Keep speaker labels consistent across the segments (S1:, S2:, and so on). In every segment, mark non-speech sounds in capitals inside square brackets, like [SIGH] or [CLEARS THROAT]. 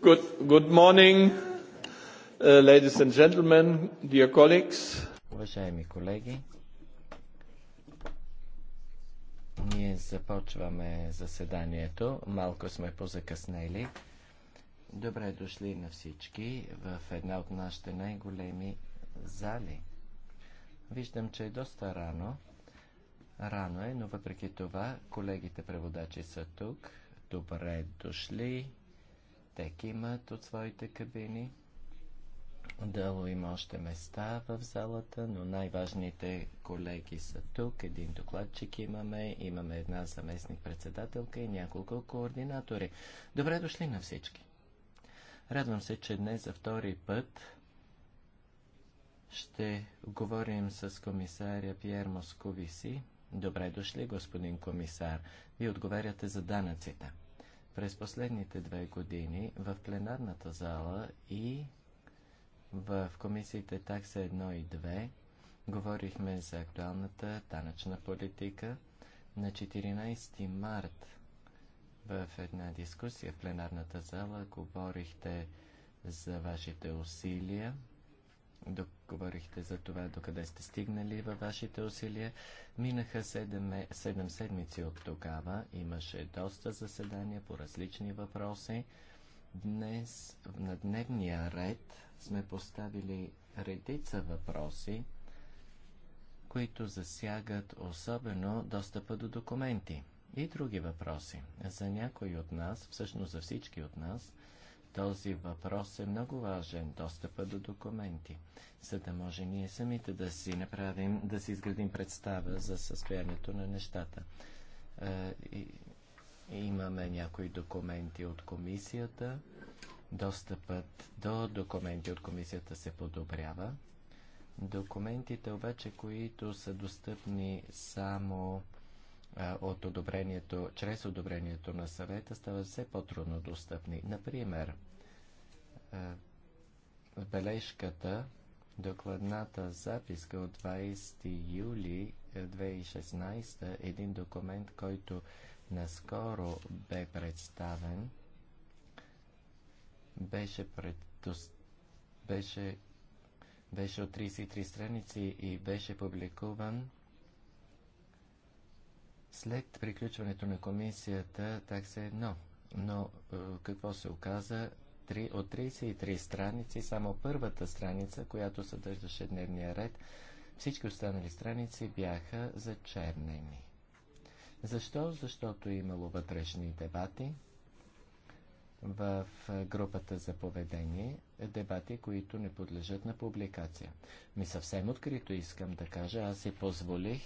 S1: Good, good morning, uh, ladies and gentlemen, dear colleagues.
S2: Уважаеми колеги, ние започваме заседанието. Малко сме позакъснели. Добре дошли на всички в една от нашите най-големи зали. Виждам, че е доста рано. Рано е, но въпреки това колегите преводачи са тук добре дошли. Те имат от своите кабини. Дало има още места в залата, но най-важните колеги са тук. Един докладчик имаме, имаме една заместник-председателка и няколко координатори. Добре дошли на всички! Радвам се, че днес за втори път ще говорим с комисаря Пьер Московиси Добре дошли, господин комисар. Вие отговаряте за данъците. През последните две години в пленарната зала и в комисиите такса 1 и 2 говорихме за актуалната данъчна политика. На 14 март в една дискусия в пленарната зала говорихте за вашите усилия Договорихте за това, докъде сте стигнали във вашите усилия. Минаха 7, 7 седмици от тогава. Имаше доста заседания по различни въпроси. Днес на дневния ред сме поставили редица въпроси, които засягат особено достъпа до документи и други въпроси. За някои от нас, всъщност за всички от нас, този въпрос е много важен, достъпа до документи, за да може ние самите да си направим, да си изградим представа за състоянието на нещата. Е, имаме някои документи от комисията. Достъпът до документи от комисията се подобрява. Документите обаче, които са достъпни само от одобрението, чрез одобрението на съвета стават все по-трудно достъпни. Например, бележката, докладната записка от 20 юли 2016, един документ, който наскоро бе представен, беше, предос... беше... беше от 33 страници и беше публикуван след приключването на комисията такса е 1, но е, какво се оказа? от 33 страници, само първата страница, която съдържаше дневния ред, всички останали страници бяха зачернени. Защо? Защото е имало вътрешни дебати в групата за поведение, дебати, които не подлежат на публикация. Ми съвсем открито искам да кажа, аз си позволих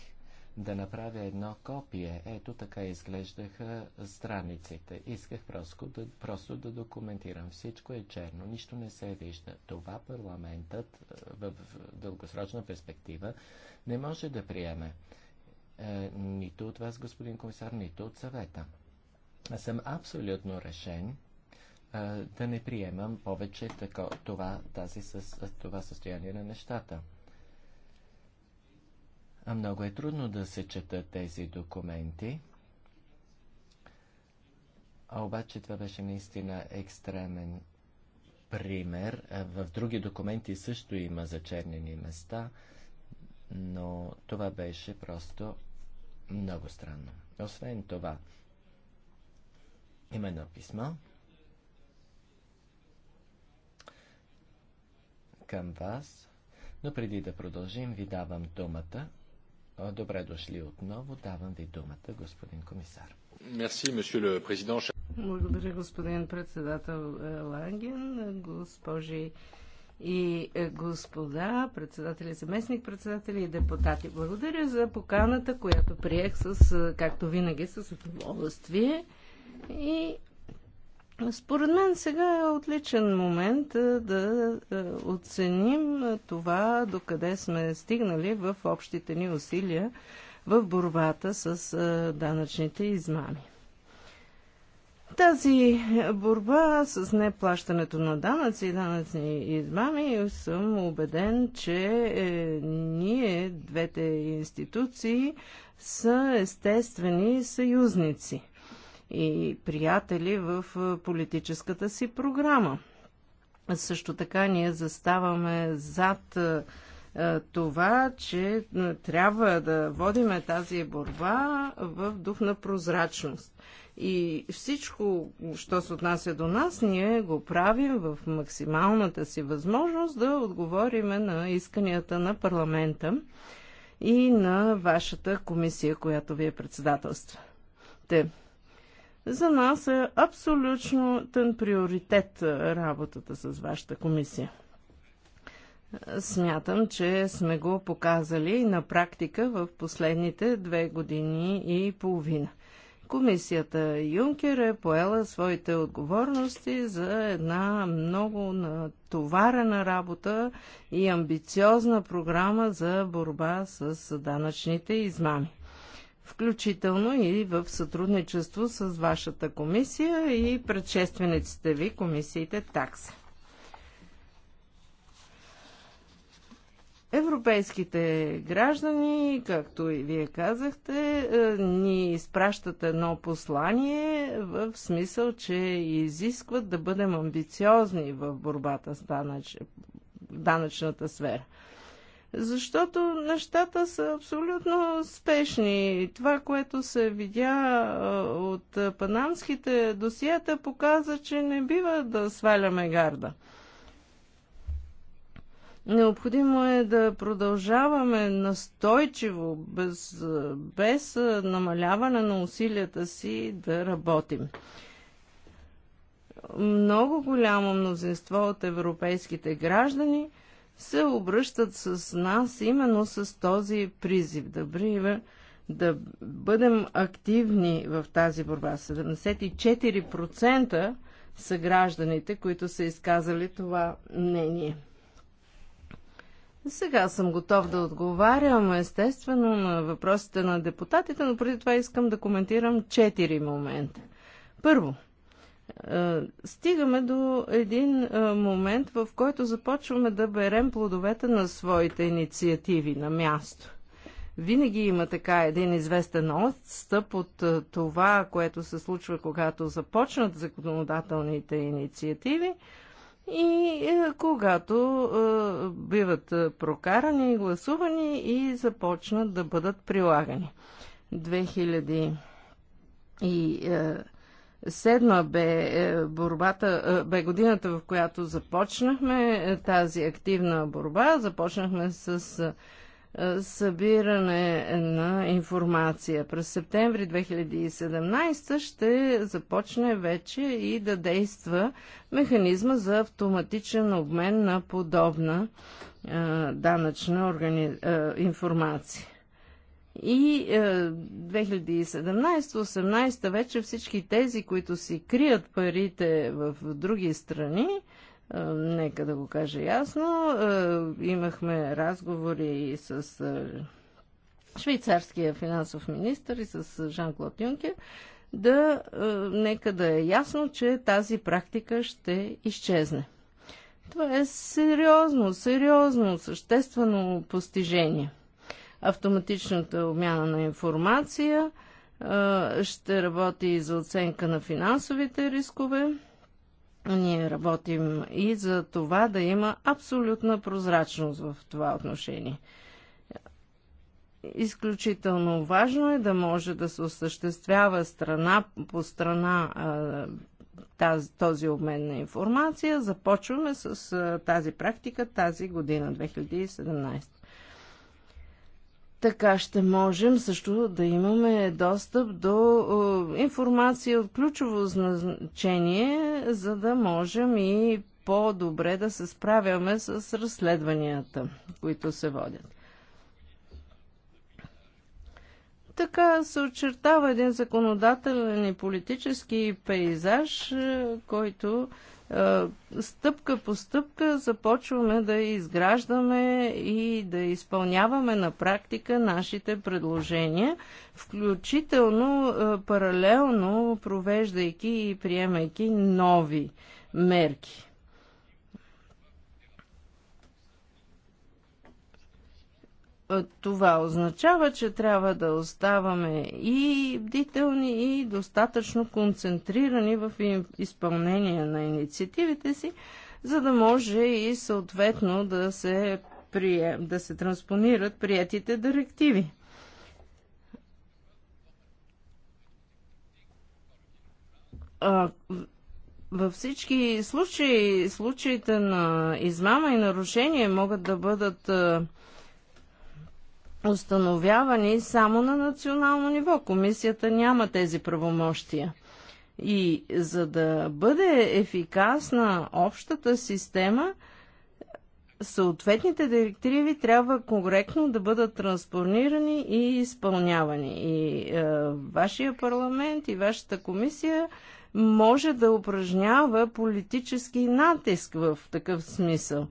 S2: да направя едно копие. Ето така изглеждаха страниците. Исках просто да, просто да документирам. Всичко е черно, нищо не се вижда. Това парламентът е, в дългосрочна перспектива не може да приеме. Е, нито от вас, господин комисар, нито от съвета. Аз съм абсолютно решен е, да не приемам повече тако, това, тази, това състояние на нещата. А много е трудно да се четат тези документи. А обаче това беше наистина екстремен пример. В други документи също има зачернени места, но това беше просто много странно. Освен това, има едно писмо към вас, но преди да продължим, ви давам думата Добре дошли отново. Давам ви думата, господин комисар.
S1: Мерси, месье президент. Благодаря, господин председател Ланген, госпожи и господа, председатели, заместник председатели и депутати. Благодаря за поканата, която приех с, както винаги, с удоволствие. И според мен сега е отличен момент да оценим това, докъде сме стигнали в общите ни усилия в борбата с данъчните измами. Тази борба с неплащането на данъци и данъчни измами съм убеден, че е, ние, двете институции, са естествени съюзници – и приятели в политическата си програма. Също така ние заставаме зад това, че трябва да водиме тази борба в дух на прозрачност. И всичко, що се отнася до нас, ние го правим в максималната си възможност да отговориме на исканията на парламента и на вашата комисия, която ви е председателства. Те. За нас е абсолютно тън приоритет работата с вашата комисия. Смятам, че сме го показали на практика в последните две години и половина. Комисията Юнкер е поела своите отговорности за една много натоварена работа и амбициозна програма за борба с данъчните измами включително и в сътрудничество с вашата комисия и предшествениците ви, комисиите такса. Европейските граждани, както и вие казахте, е, ни изпращат едно послание в смисъл, че изискват да бъдем амбициозни в борбата с данъч... данъчната сфера защото нещата са абсолютно спешни. Това, което се видя от панамските досията, показа, че не бива да сваляме гарда. Необходимо е да продължаваме настойчиво, без, без намаляване на усилията си да работим. Много голямо мнозинство от европейските граждани – се обръщат с нас именно с този призив да, бриве, да бъдем активни в тази борба. 74% са гражданите, които са изказали това мнение. Сега съм готов да отговарям естествено на въпросите на депутатите, но преди това искам да коментирам четири момента. Първо, е, стигаме до един е, момент, в който започваме да берем плодовете на своите инициативи на място. Винаги има така един известен отстъп от е, това, което се случва, когато започнат законодателните инициативи и когато биват прокарани и гласувани и започнат да бъдат прилагани. 2000 и Седма бе, е, борбата, е, бе годината, в която започнахме е, тази активна борба. Започнахме с събиране на информация. През септември 2017 ще започне вече и да действа механизма за автоматичен обмен на подобна данъчна информация. И е, 2017-2018 вече всички тези, които си крият парите в други страни, е, нека да го кажа ясно, е, имахме разговори и с е, швейцарския финансов министр и с Жан-Клод Юнкер, да е, нека да е ясно, че тази практика ще изчезне. Това е сериозно, сериозно, съществено постижение – автоматичната обмяна на информация, ще работи и за оценка на финансовите рискове. Ние работим и за това да има абсолютна прозрачност в това отношение. Изключително важно е да може да се осъществява страна по страна тази, този обмен на информация. Започваме с тази практика тази година, 2017. Така ще можем също да имаме достъп до информация от ключово значение, за да можем и по-добре да се справяме с разследванията, които се водят. Така се очертава един законодателен и политически пейзаж, е, който е, стъпка по стъпка започваме да изграждаме и да изпълняваме на практика нашите предложения, включително е, паралелно провеждайки и приемайки нови мерки. Е, това означава, че трябва да оставаме и бдителни, и достатъчно концентрирани в изпълнение на инициативите си, за да може и съответно да се, прие, да се транспонират приятите директиви. във всички случаи, случаите на измама и нарушение могат да бъдат установявани само на национално ниво. Комисията няма тези правомощия. И за да бъде ефикасна общата система, съответните директиви трябва коректно да бъдат транспонирани и изпълнявани. И е, вашия парламент и вашата комисия може да упражнява политически натиск в такъв смисъл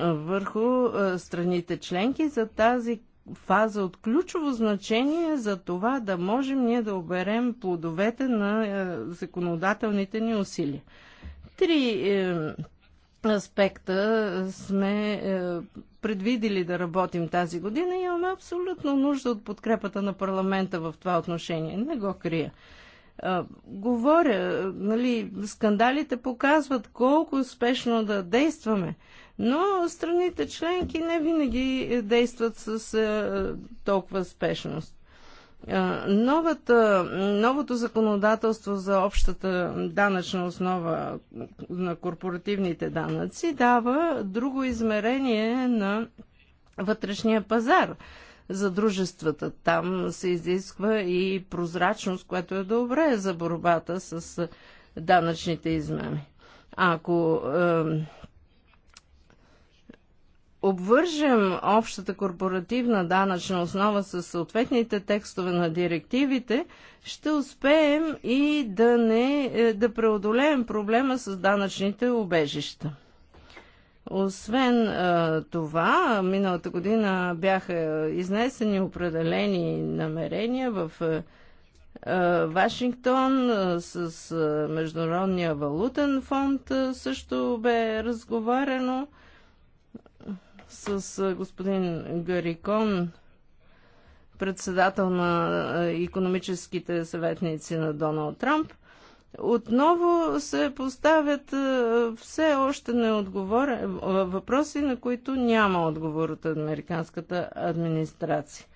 S1: върху е, страните членки. За тази фаза от ключово значение за това да можем ние да оберем плодовете на е, законодателните ни усилия. Три е, аспекта сме е, предвидили да работим тази година и имаме абсолютно нужда от подкрепата на парламента в това отношение. Не го крия. Е, говоря, нали, скандалите показват колко успешно да действаме. Но страните членки не винаги е, действат с е, толкова спешност. Е, новата, новото законодателство за общата данъчна основа на корпоративните данъци дава друго измерение на вътрешния пазар за дружествата. Там се изисква и прозрачност, което е добре за борбата с данъчните измами. Ако е, обвържем общата корпоративна данъчна основа с съответните текстове на директивите, ще успеем и да, не, е, да преодолеем проблема с данъчните убежища. Освен а, е, това, миналата година бяха изнесени определени намерения в а, е, Вашингтон а, с Международния валутен фонд а, също бе разговарено с господин Гарикон, председател на економическите съветници на Доналд Трамп, отново се поставят все още неотговорени въпроси, на които няма отговор от американската администрация.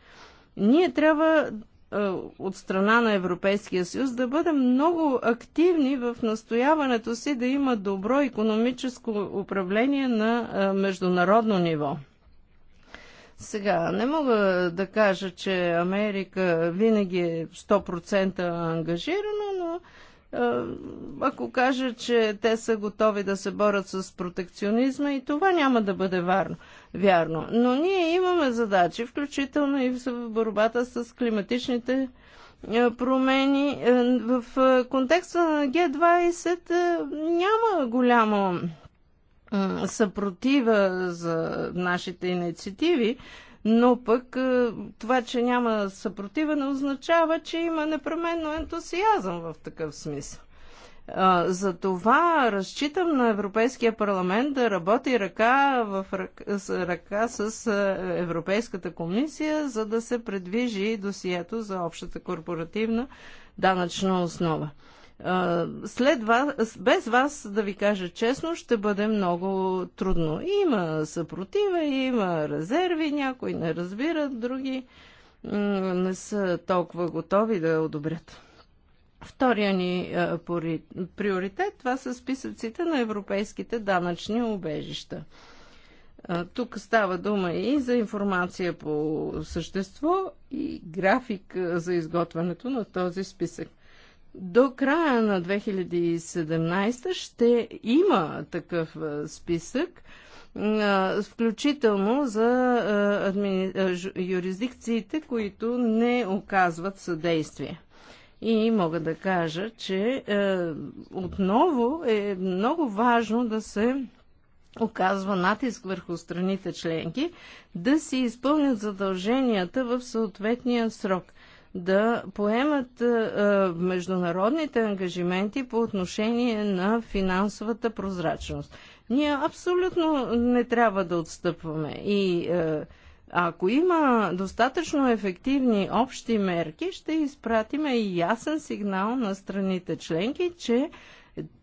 S1: Ние трябва е, от страна на Европейския съюз да бъдем много активни в настояването си да има добро економическо управление на е, международно ниво. Сега, не мога да кажа, че Америка винаги е 100% ангажирана, но е, ако кажа, че те са готови да се борят с протекционизма и това няма да бъде варно, вярно. Но ние имаме задачи, включително и в борбата с климатичните е, промени. Е, в контекста на Г-20 няма голямо съпротива за нашите инициативи, но пък е, това, че няма съпротива, не означава, че има непременно ентусиазъм в такъв смисъл. За това разчитам на Европейския парламент да работи ръка, в ръка, ръка с е, Европейската комисия, за да се предвижи досието за общата корпоративна данъчна основа след вас, без вас, да ви кажа честно, ще бъде много трудно. Има съпротива, има резерви, някои не разбират, други не са толкова готови да одобрят. Втория ни приоритет това са списъците на европейските данъчни убежища. Тук става дума и за информация по същество и график за изготвянето на този списък. До края на 2017 ще има такъв списък, включително за юрисдикциите, които не оказват съдействие. И мога да кажа, че е, отново е много важно да се оказва натиск върху страните членки да си изпълнят задълженията в съответния срок да поемат е, е, международните ангажименти по отношение на финансовата прозрачност. Ние абсолютно не трябва да отстъпваме и е, ако има достатъчно ефективни общи мерки, ще изпратиме и ясен сигнал на страните членки, че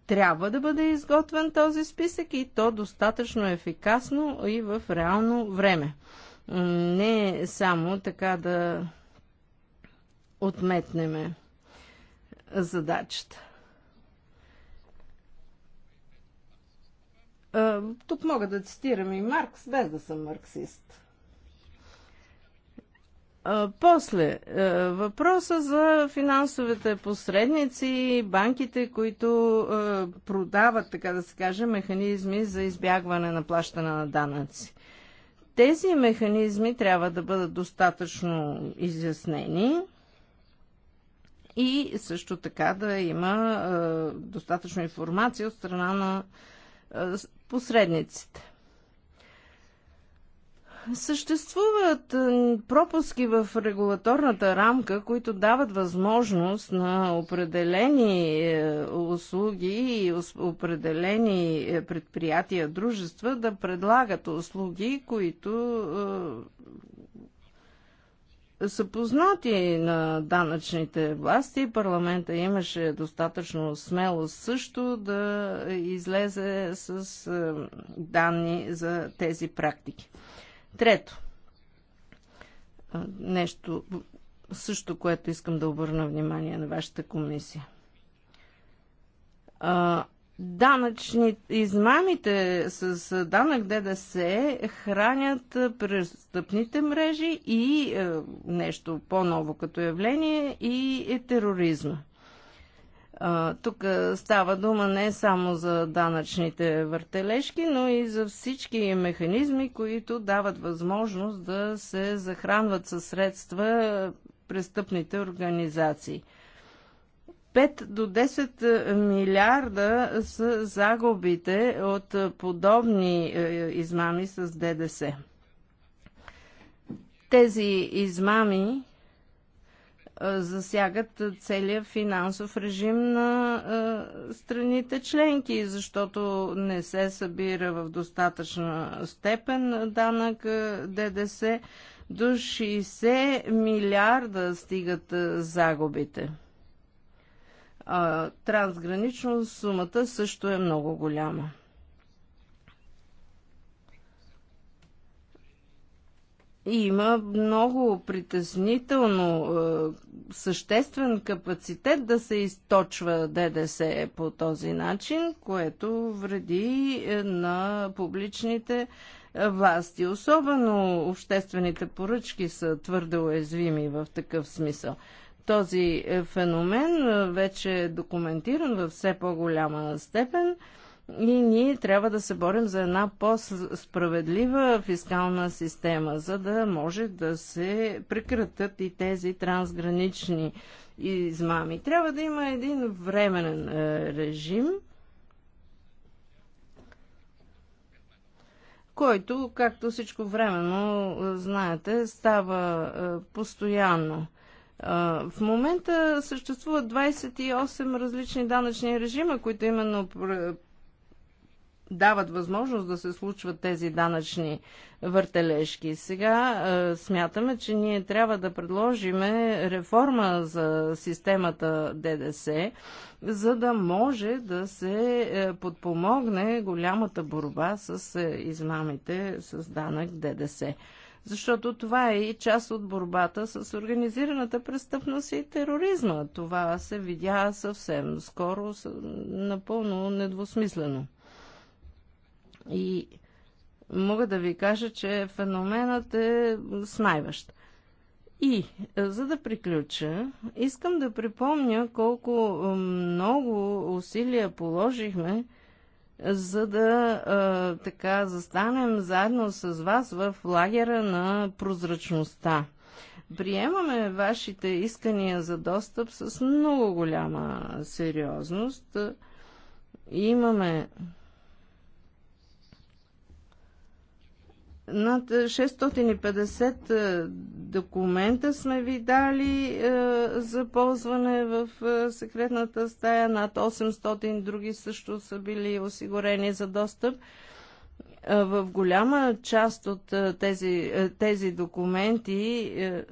S1: трябва да бъде изготвен този списък и то достатъчно ефикасно и в реално време. Не само така да отметнеме задачата. Тук мога да цитирам и Маркс, без да съм марксист. После, въпроса за финансовите посредници, банките, които продават, така да се каже, механизми за избягване на плащане на данъци. Тези механизми трябва да бъдат достатъчно изяснени и също така да има а, достатъчно информация от страна на а, посредниците. Съществуват пропуски в регулаторната рамка, които дават възможност на определени е, услуги и определени е, предприятия, дружества да предлагат услуги, които е, са познати на данъчните власти. Парламента имаше достатъчно смело също да излезе с е, данни за тези практики. Трето, е, нещо също, което искам да обърна внимание на вашата комисия. Данъчни измамите с данък ДДС хранят престъпните мрежи и е, нещо по-ново като явление и е тероризма. Тук става дума не само за данъчните въртележки, но и за всички механизми, които дават възможност да се захранват със средства престъпните организации. 5 до 10 е, милиарда са загубите от е, подобни е, измами с ДДС. Тези измами засягат целия финансов режим на страните членки, защото не се събира в достатъчна степен данък ДДС. До 60 милиарда стигат загубите а, трансгранично сумата също е много голяма. И има много притеснително съществен капацитет да се източва ДДС по този начин, което вреди е, на публичните власти. Особено обществените поръчки са твърде уязвими в такъв смисъл. Този е, феномен е, вече е документиран в все по-голяма степен и ние трябва да се борим за една по-справедлива фискална система, за да може да се прекратят и тези трансгранични измами. Трябва да има един временен е, режим, който, както всичко времено, знаете, става постоянно. В момента съществуват 28 различни данъчни режима, които именно дават възможност да се случват тези данъчни въртележки. Сега смятаме, че ние трябва да предложиме реформа за системата ДДС, за да може да се е, подпомогне голямата борба с е, измамите с данък ДДС защото това е и част от борбата с организираната престъпност и тероризма. Това се видя съвсем скоро, напълно недвусмислено. И мога да ви кажа, че феноменът е смайващ. И, е, за да приключа, искам да припомня колко е, много усилия положихме за да а, така застанем заедно с вас в лагера на прозрачността. Приемаме вашите искания за достъп с много голяма сериозност. Имаме Над 650 е, документа сме ви дали е, за ползване в е, секретната стая. Над 800 други също са били осигурени за достъп. Е, в голяма част от е, тези, е, тези документи. Е,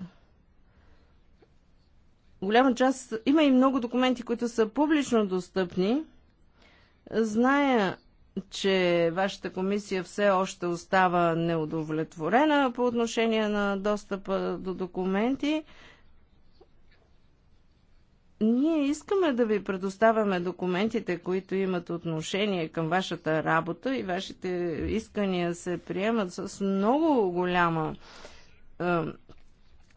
S1: голяма част. Има и много документи, които са публично достъпни. Зная че вашата комисия все още остава неудовлетворена по отношение на достъпа до документи. Ние искаме да ви предоставяме документите, които имат отношение към вашата работа и вашите искания се приемат с много голяма е,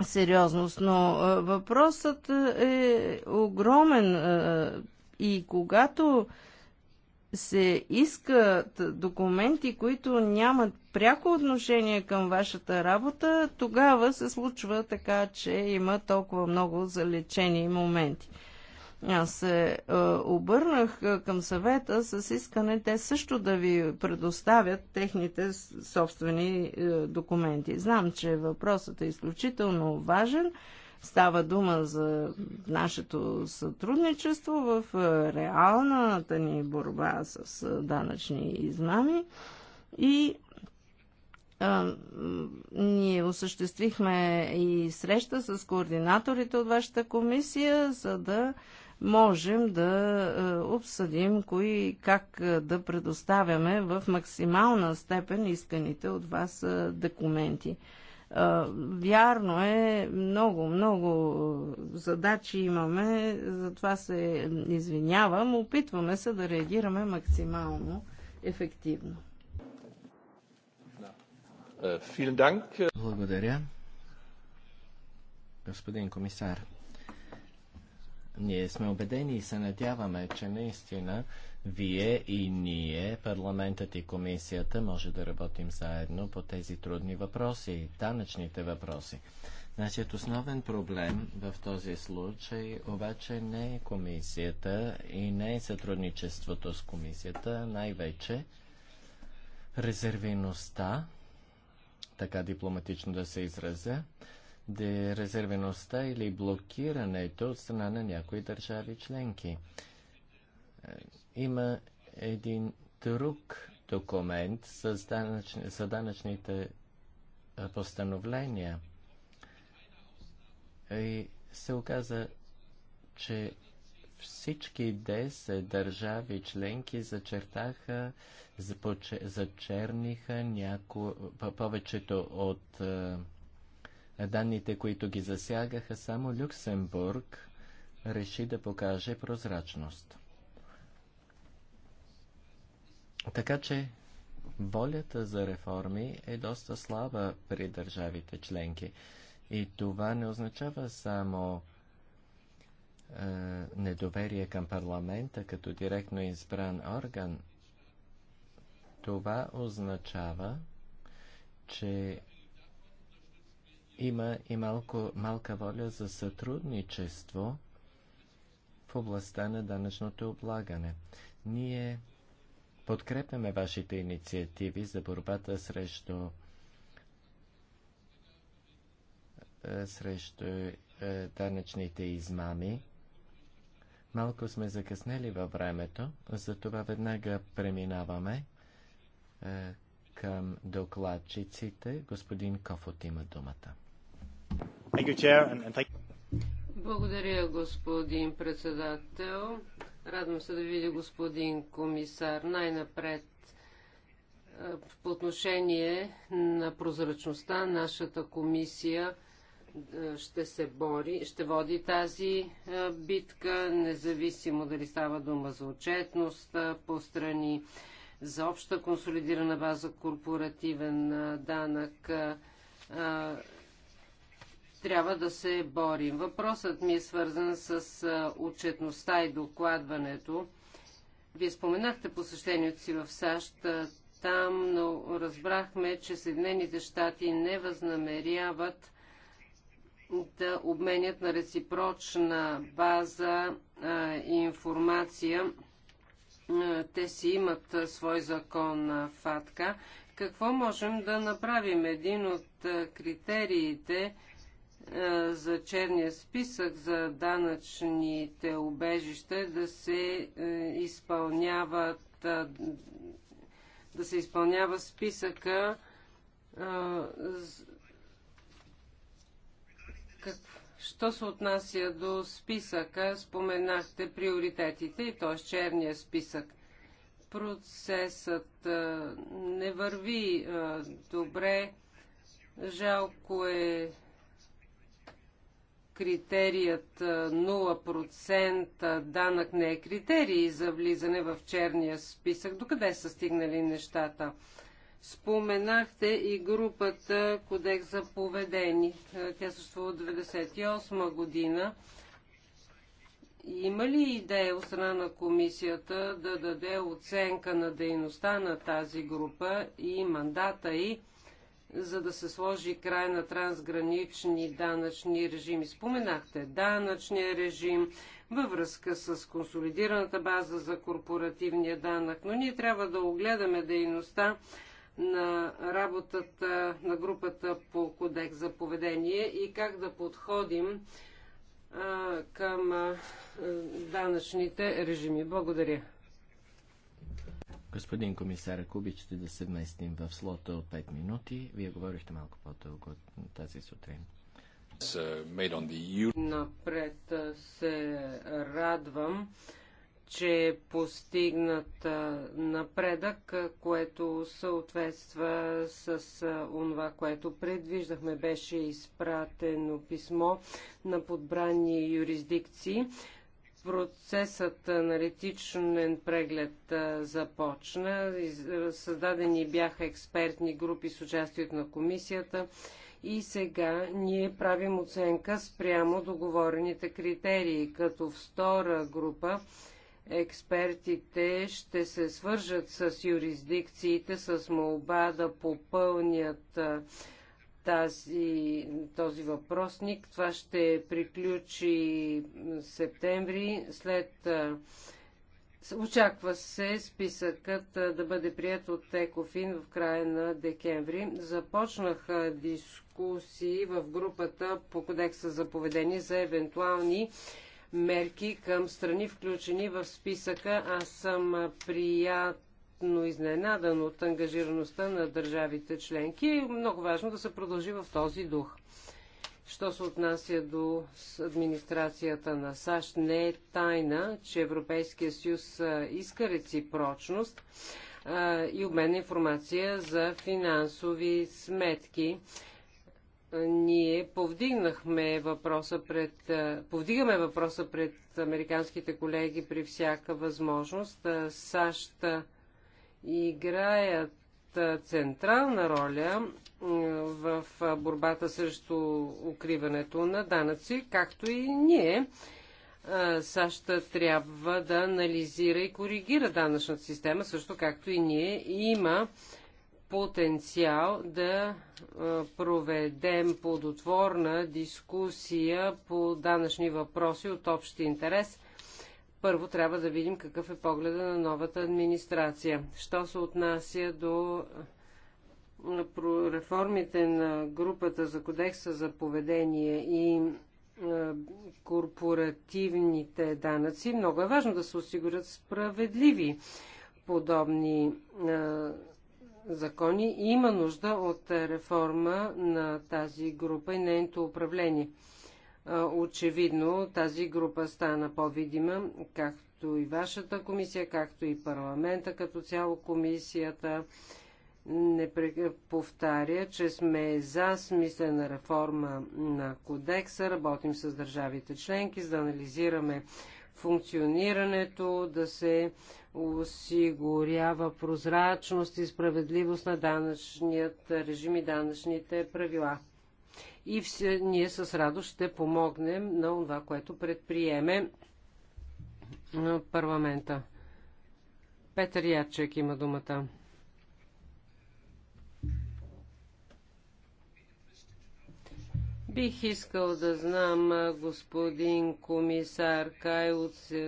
S1: сериозност, но е, въпросът е огромен е, и когато е, се искат документи, които нямат пряко отношение към вашата работа, тогава се случва така, че има толкова много залечени моменти. Аз се е, обърнах е, към съвета с искане те също да ви предоставят техните собствени е, документи. Знам, че въпросът е изключително важен Става дума за нашето сътрудничество в е, реалната ни борба с е, данъчни измами и а, е, ние осъществихме и среща с координаторите от вашата комисия, за да можем да обсъдим кои как да предоставяме в максимална степен исканите от вас документи. Вярно е, много, много задачи имаме, затова се извинявам. Опитваме се да реагираме максимално ефективно. Е,
S2: Благодаря. Господин комисар, ние сме убедени и се надяваме, че наистина вие и ние, парламентът и комисията, може да работим заедно по тези трудни въпроси, данъчните въпроси. Значит, основен проблем в този случай обаче не е комисията и не е сътрудничеството с комисията, най-вече резервеността, така дипломатично да се изразя, де резервеността или блокирането от страна на някои държави членки. Има един друг документ за данъчните постановления. И се оказа, че всички 10 държави членки зачертаха, зачерниха няко... повечето от данните, които ги засягаха, само Люксембург реши да покаже прозрачност. Така че волята за реформи е доста слаба при държавите членки. И това не означава само е, недоверие към парламента като директно избран орган. Това означава, че има и малко, малка воля за сътрудничество в областта на данъчното облагане. Ние Подкрепяме вашите инициативи за борбата срещу е, срещу е, данъчните измами. Малко сме закъснели във времето, затова веднага преминаваме е, към докладчиците. Господин Кофот има думата.
S3: Благодаря, господин председател. Радвам се да видя господин комисар. Най-напред по отношение на прозрачността, нашата комисия ще се бори, ще води тази битка, независимо дали става дума за отчетност по страни, за обща консолидирана база, корпоративен данък, трябва да се борим. Въпросът ми е свързан с отчетността и докладването. Вие споменахте посещението си в САЩ. Там но разбрахме, че Съединените щати не възнамеряват да обменят на реципрочна база а, информация. А, те си имат а, свой закон на ФАТКА. Какво можем да направим? Един от критериите е, за черния списък за данъчните убежища да се е, изпълняват е, да се изпълнява списъка как, що се отнася до списъка, споменахте приоритетите и т.е. черния списък. Процесът не върви добре. Жалко е критерият 0% данък не е критерий за влизане в черния списък. Докъде са стигнали нещата? Споменахте и групата Кодекс за поведение. Тя съществува от 1998 година. Има ли идея от страна на комисията да даде оценка на дейността на тази група и мандата и за да се сложи край на трансгранични данъчни режими. Споменахте данъчния режим във връзка с консолидираната база за корпоративния данък, но ние трябва да огледаме дейността на работата на групата по кодекс за поведение и как да подходим а, към а, данъчните режими. Благодаря.
S2: Господин комисар, ако обичате да се вместим в слота от 5 минути, вие говорихте малко по-дълго тази сутрин.
S3: Uh, Напред се радвам, че е постигнат напредък, което съответства с онова, което предвиждахме. Беше изпратено писмо на подбрани юрисдикции Процесът на ретичен преглед започна. Създадени бяха експертни групи с участието на комисията и сега ние правим оценка спрямо договорените критерии. Като втора група експертите ще се свържат с юрисдикциите с молба да попълнят тази, този въпросник. Това ще приключи септември. След Очаква се списъкът да бъде прият от Екофин в края на декември. Започнаха дискусии в групата по кодекса за поведение за евентуални мерки към страни, включени в списъка. Аз съм прият приятно изненадан от ангажираността на държавите членки и е много важно да се продължи в този дух. Що се отнася до администрацията на САЩ, не е тайна, че Европейския съюз иска реципрочност а, и обмен на информация за финансови сметки. Ние повдигнахме въпроса пред, повдигаме въпроса пред американските колеги при всяка възможност. САЩ играят централна роля в борбата срещу укриването на данъци, както и ние. САЩ трябва да анализира и коригира данъчната система, също както и ние. Има потенциал да проведем плодотворна дискусия по данъчни въпроси от общ интерес – първо трябва да видим какъв е погледа на новата администрация. Що се отнася до реформите на групата за кодекса за поведение и е, корпоративните данъци, много е важно да се осигурят справедливи подобни е, закони. и Има нужда от реформа на тази група и нейното управление. Очевидно тази група стана по-видима, както и вашата комисия, както и парламента като цяло комисията не повтаря, че сме за смислена реформа на кодекса, работим с държавите членки, за да анализираме функционирането, да се осигурява прозрачност и справедливост на данъчният режим и данъчните правила и все, ние с радост ще помогнем на това, което предприеме парламента. Петър Ячек има думата. Бих искал да знам, господин комисар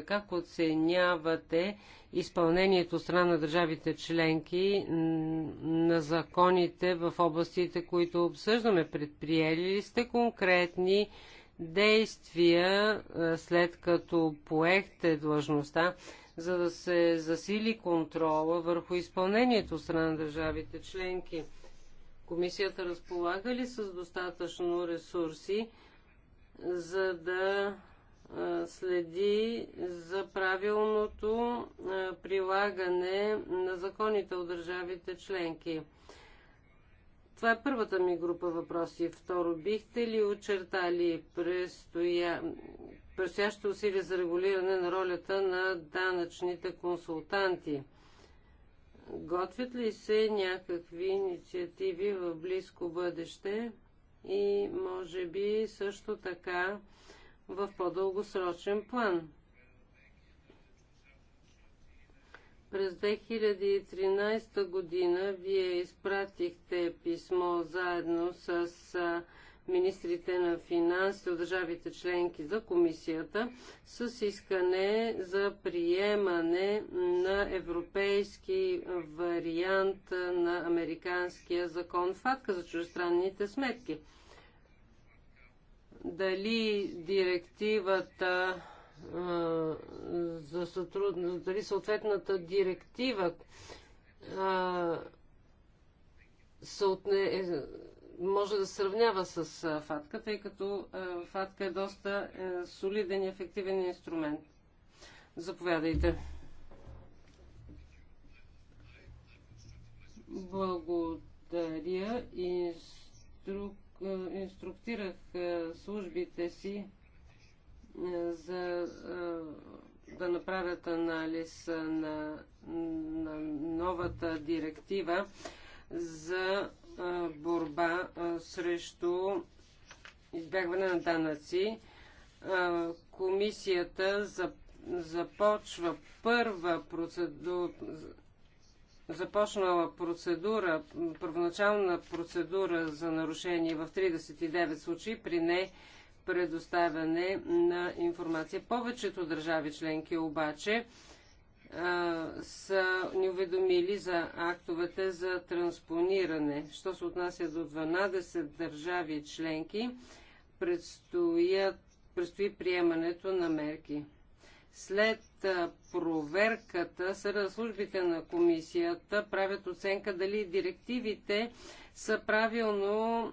S3: как оценявате изпълнението от страна на държавите членки на законите в областите, които обсъждаме. Предприели ли сте конкретни действия е, след като поехте длъжността, за да се засили контрола върху изпълнението от страна на държавите членки? Комисията разполага ли с достатъчно ресурси, за да следи за правилното прилагане на законите от държавите членки. Това е първата ми група въпроси. Второ, бихте ли очертали предстоящите усилия за регулиране на ролята на данъчните консултанти? Готвят ли се някакви инициативи в близко бъдеще? И може би също така в по-дългосрочен план. През 2013 година вие изпратихте писмо заедно с министрите на финансите от държавите членки за комисията с искане за приемане на европейски вариант на американския закон ФАТКА за чужестранните сметки дали директивата за сътрудност, дали съответната директива а, съотне, е, може да сравнява с а, ФАТКА, тъй като а, ФАТКА е доста е, солиден и ефективен инструмент. Заповядайте. Благодаря. Инструкция инструктирах е, службите си е, за е, да направят анализ на, на новата директива за борба срещу избягване на данъци. Комисията започва първа процедура започнала процедура, първоначална процедура за нарушение в 39 случаи при не предоставяне на информация. Повечето държави членки обаче са ни уведомили за актовете за транспониране. Що се отнася до 12 държави членки, предстоят, предстои приемането на мерки. След проверката службите на комисията правят оценка дали директивите са правилно,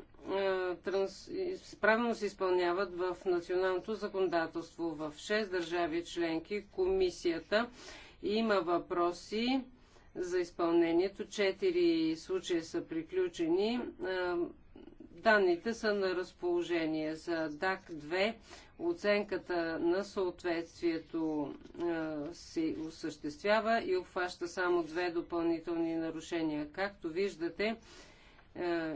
S3: правилно се изпълняват в националното законодателство. В 6 държави членки комисията има въпроси за изпълнението. Четири случая са приключени. Данните са на разположение за DAC-2. Оценката на съответствието се осъществява и обхваща само две допълнителни нарушения. Както виждате,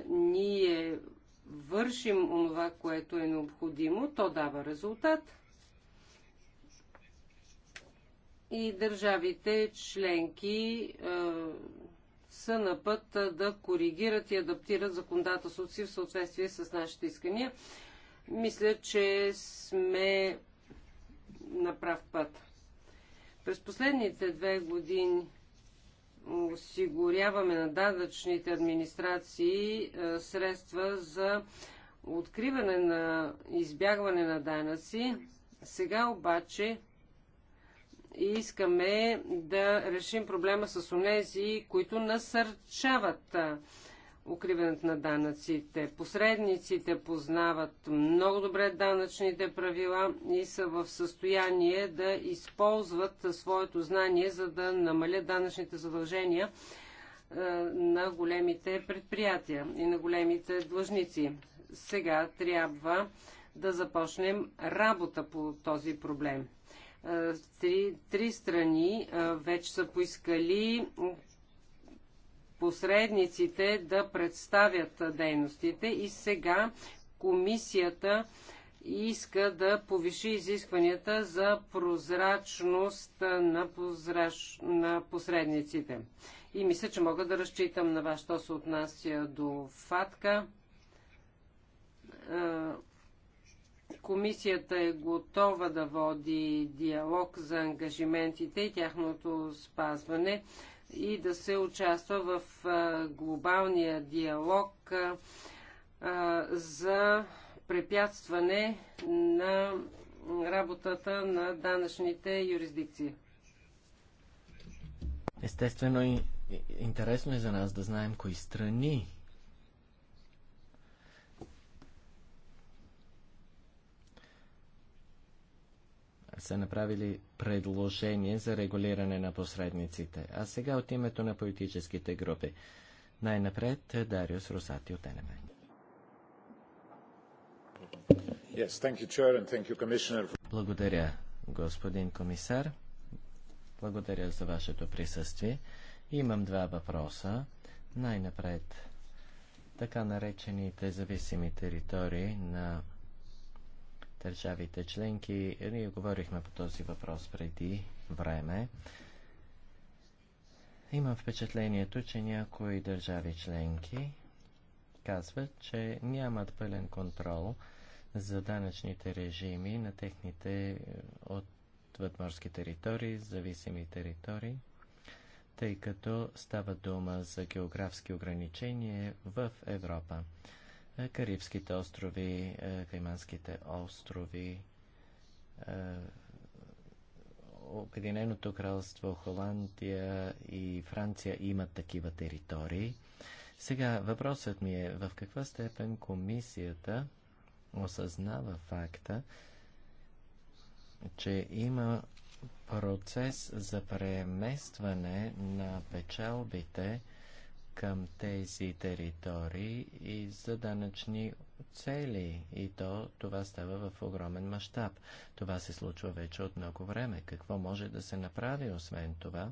S3: ние вършим онова, което е необходимо, то дава резултат. И държавите членки са на път да коригират и адаптират законодателството си в съответствие с нашите искания. Мисля, че сме на прав път. През последните две години осигуряваме на данъчните администрации средства за откриване на избягване на данъци. Сега обаче искаме да решим проблема с онези, които насърчават укриването на данъците. Посредниците познават много добре данъчните правила и са в състояние да използват своето знание, за да намалят данъчните задължения на големите предприятия и на големите длъжници. Сега трябва да започнем работа по този проблем. Е, три, три страни е, вече са поискали посредниците да представят дейностите и сега комисията иска да повиши изискванията за прозрачност на, прозраж... на посредниците. И мисля, че мога да разчитам на вас, що се отнася до ФАТКА. Е, Комисията е готова да води диалог за ангажиментите и тяхното спазване и да се участва в глобалния диалог за препятстване на работата на данъчните юрисдикции.
S2: Естествено, интересно е за нас да знаем кои страни са направили предложение за регулиране на посредниците. А сега от името на политическите групи. Най-напред е, Дариус Русати от НМ.
S1: Yes, thank you, Chair, and thank you, Commissioner.
S2: Благодаря, господин комисар. Благодаря за вашето присъствие. Имам два въпроса. Най-напред така наречените зависими територии на държавите членки. Ние говорихме по този въпрос преди време. Имам впечатлението, че някои държави членки казват, че нямат пълен контрол за данъчните режими на техните е, отвъдморски територии, зависими територии, тъй като става дума за географски ограничения в Европа. Е, Карибските острови, е, Кайманските острови, е, Обединеното кралство, Холандия и Франция имат такива територии. Сега въпросът ми е в каква степен комисията осъзнава факта, че има процес за преместване на печалбите към тези територии и за данъчни цели. И то това става в огромен мащаб. Това се случва вече от много време. Какво може да се направи освен това,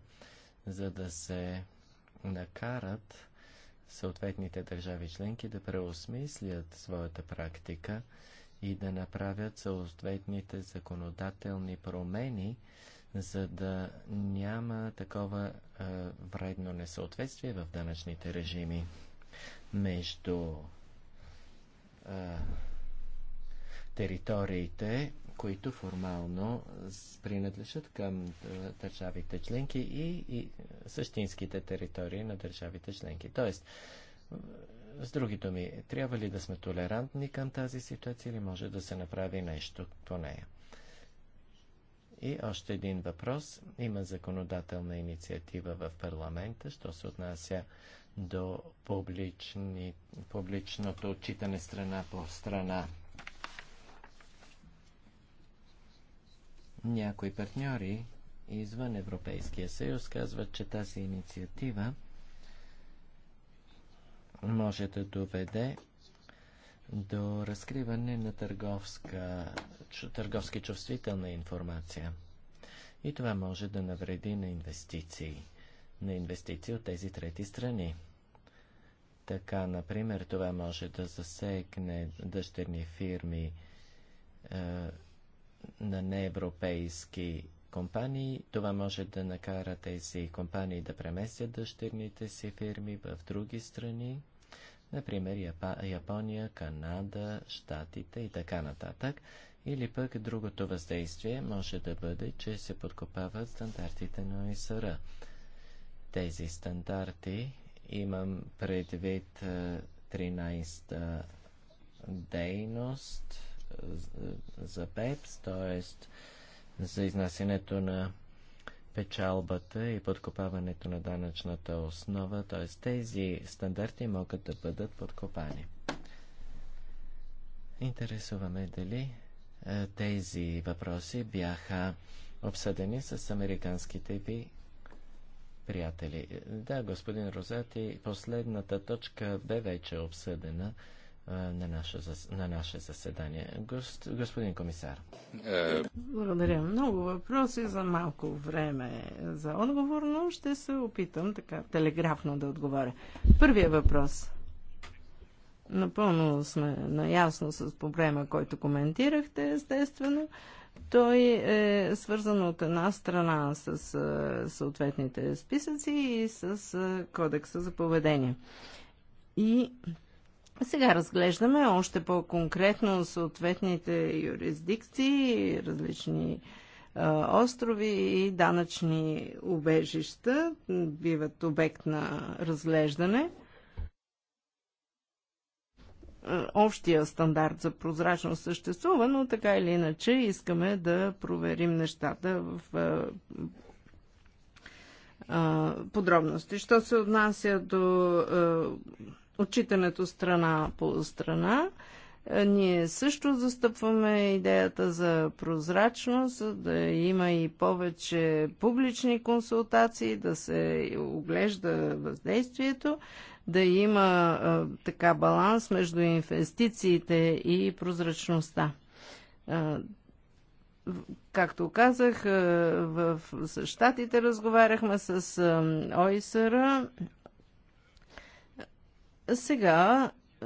S2: за да се накарат съответните държави членки да преосмислят своята практика и да направят съответните законодателни промени, за да няма такова а, е, вредно несъответствие в данъчните режими между а, е, териториите, които формално принадлежат към е, държавите членки и, и същинските територии на държавите членки. Тоест, с други думи, трябва ли да сме толерантни към тази ситуация или може да се направи нещо по нея? И още един въпрос. Има законодателна инициатива в парламента, що се отнася до публични, публичното отчитане страна по страна. Някои партньори извън Европейския съюз казват, че тази инициатива може да доведе до разкриване на търговска, търговски чувствителна информация. И това може да навреди на инвестиции, на инвестиции от тези трети страни. Така, например, това може да засегне дъщерни фирми е, на неевропейски компании. Това може да накара тези компании да преместят дъщерните си фирми в други страни например Япония, Канада, Штатите и така нататък. Или пък другото въздействие може да бъде, че се подкопават стандартите на ОИСР. Тези стандарти имам предвид 13-та е, дейност е, за ПЕПС, т.е. за изнасянето на печалбата и подкопаването на данъчната основа, т.е. тези стандарти могат да бъдат подкопани. Интересуваме дали е, тези въпроси бяха обсъдени с американските ви приятели. Е, да, господин Розати, последната точка бе вече обсъдена на наше, на наше заседание. господин комисар.
S1: Благодаря. Много въпроси за малко време за отговор, но ще се опитам така телеграфно да отговоря. Първия въпрос. Напълно сме наясно с проблема, който коментирахте, естествено. Той е свързан от една страна с съответните списъци и с кодекса за поведение. И сега разглеждаме още по-конкретно съответните юрисдикции, различни острови и данъчни убежища биват обект на разглеждане. Общия стандарт за прозрачност съществува, но така или иначе искаме да проверим нещата в подробности. Що се отнася до отчитането страна по страна. Е, ние също застъпваме идеята за прозрачност, да има и повече публични консултации, да се оглежда въздействието, да има е, така баланс между инвестициите и прозрачността. Е, както казах, в, Штатите разговаряхме с ОИСР. Сега е,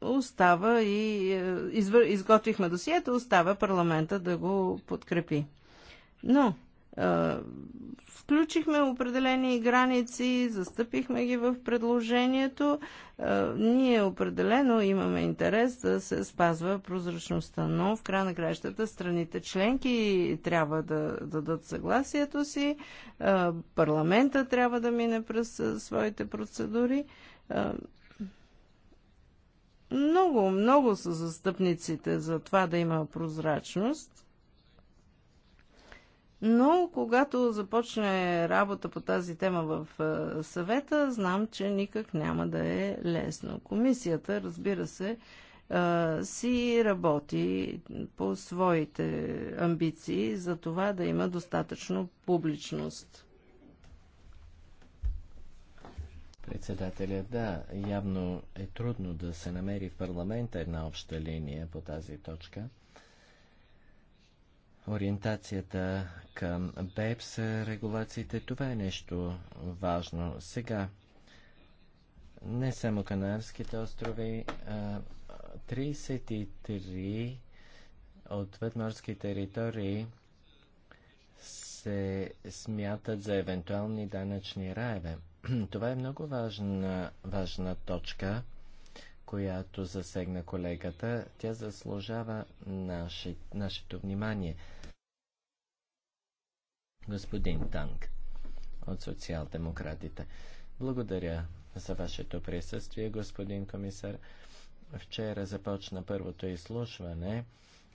S1: остава и е, извър, изготвихме досието, остава парламента да го подкрепи. Но е, включихме определени граници, застъпихме ги в предложението. Е, ние определено имаме интерес да се спазва прозрачността, но в края на краищата страните членки трябва да, да дадат съгласието си, е, парламента трябва да мине през е, своите процедури. Е, много, много са застъпниците за това да има прозрачност. Но когато започне работа по тази тема в съвета, знам, че никак няма да е лесно. Комисията, разбира се, си работи по своите амбиции за това да има достатъчно публичност.
S2: Председателя, да, явно е трудно да се намери в парламента една обща линия по тази точка. Ориентацията към БЕПС, регулациите, това е нещо важно. Сега, не само Канарските острови, 33 от вътморски територии се смятат за евентуални данъчни раеве. [CLEARS THROAT] Това е много важна, важна точка, която засегна колегата. Тя заслужава наши, нашето внимание. Господин Танк от социал-демократите. Благодаря за вашето присъствие, господин комисар. Вчера започна първото изслушване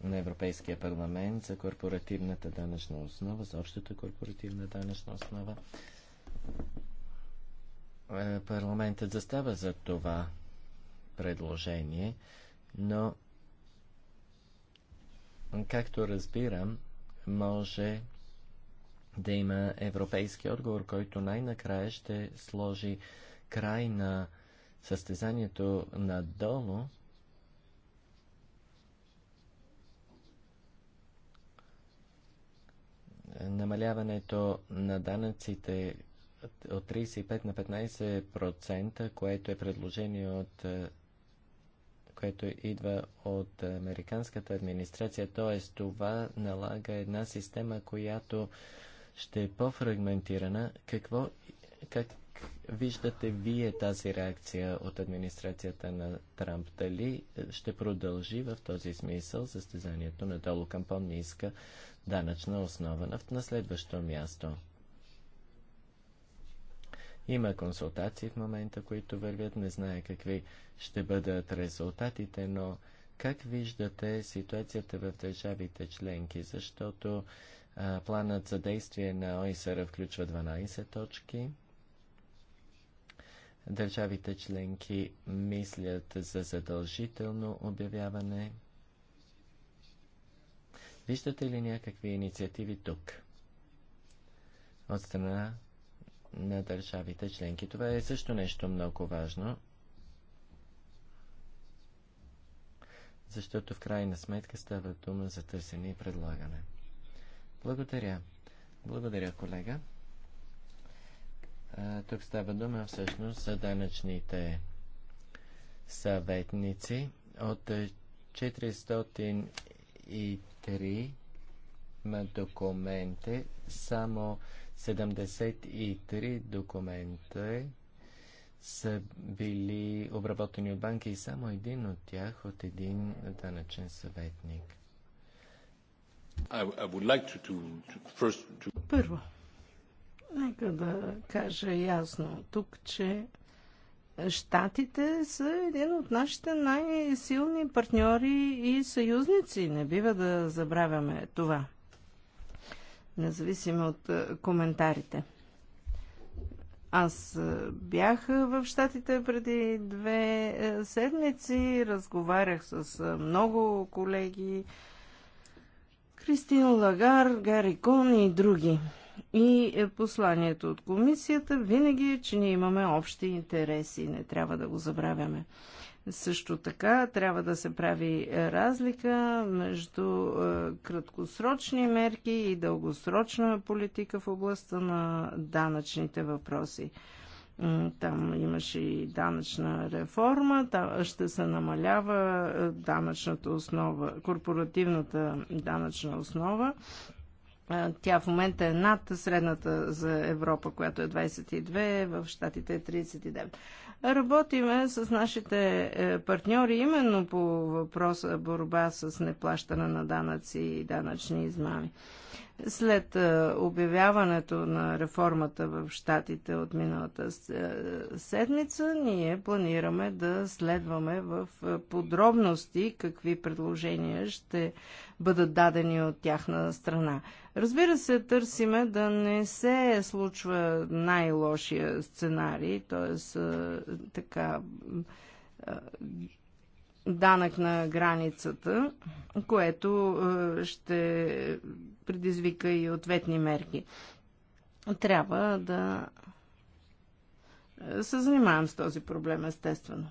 S2: на Европейския парламент за корпоративната данъчна основа, за общата корпоративна данъчна основа. Е, парламентът застава за това предложение, но както разбирам, може да има европейски отговор, който най-накрая ще сложи край на състезанието надолу. Намаляването на данъците от 35 на 15%, което е предложение от е, което идва от американската администрация, т.е. това налага една система, която ще е по-фрагментирана. Какво, как виждате вие тази реакция от администрацията на Трамп? Дали ще продължи в този смисъл състезанието надолу към по-ниска данъчна основа на следващо място? Има консултации в момента, които вървят. Не знае какви ще бъдат резултатите, но как виждате ситуацията в държавите членки? Защото а, планът за действие на ОИСР включва 12 точки. Държавите членки мислят за задължително обявяване. Виждате ли някакви инициативи тук? От страна на държавите членки. Това е също нещо много важно, защото в крайна сметка става дума за търсене и предлагане. Благодаря. Благодаря, колега. А, тук става дума всъщност за данъчните съветници от 403 документе, само 73 документа е, са били обработени от банки и само един от тях от един данъчен съветник.
S1: Първо, нека да кажа ясно тук, че Штатите са един от нашите най-силни партньори и съюзници. Не бива да забравяме това независимо от е, коментарите. Аз е, бях в Штатите преди две е, седмици, разговарях с много колеги, Кристин Лагар, Гари Кон и други. И посланието от комисията винаги е, че ние имаме общи интереси, не трябва да го забравяме. Също така трябва да се прави разлика между е, краткосрочни мерки и дългосрочна политика в областта на данъчните въпроси. Там имаше и данъчна реформа, там ще се намалява е, данъчната основа, корпоративната данъчна основа. Е, тя в момента е над средната за Европа, която е 22, в Штатите е 39. Работиме с нашите е, партньори именно по въпроса борба с неплащане на данъци и данъчни измами. След обявяването на реформата в Штатите от миналата седмица, ние планираме да следваме в подробности какви предложения ще бъдат дадени от тяхна страна. Разбира се, търсиме да не се случва най-лошия сценарий, т.е. така данък на границата, което е, ще предизвика и ответни мерки. Трябва да се занимавам с този проблем, естествено.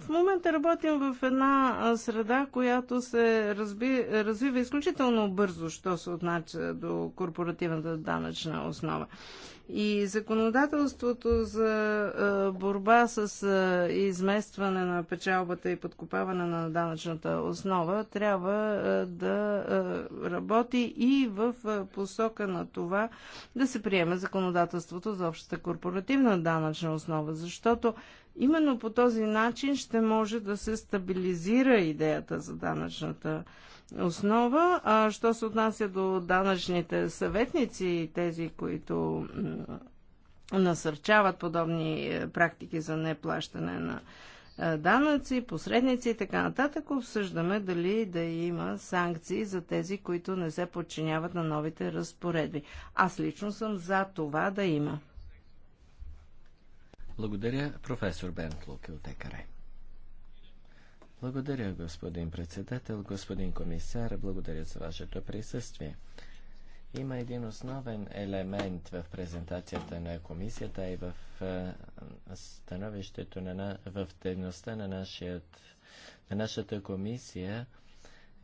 S1: В момента работим в една среда, която се разби, развива изключително бързо, що се отнася до корпоративната данъчна основа. И законодателството за борба с изместване на печалбата и подкопаване на данъчната основа трябва да работи и в посока на това да се приеме законодателството за общата корпоративна данъчна основа, защото Именно по този начин ще може да се стабилизира идеята за данъчната основа. А що се отнася до данъчните съветници, тези, които насърчават подобни е, практики за неплащане на е, данъци, посредници и така нататък, обсъждаме дали да има санкции за тези, които не се подчиняват на новите разпоредби. Аз лично съм за това да има.
S2: Благодаря, професор Бент Килтекаре. Благодаря, господин председател, господин комисар, благодаря за вашето присъствие. Има един основен елемент в презентацията на комисията и в становището на, в дейността на, нашият, на нашата комисия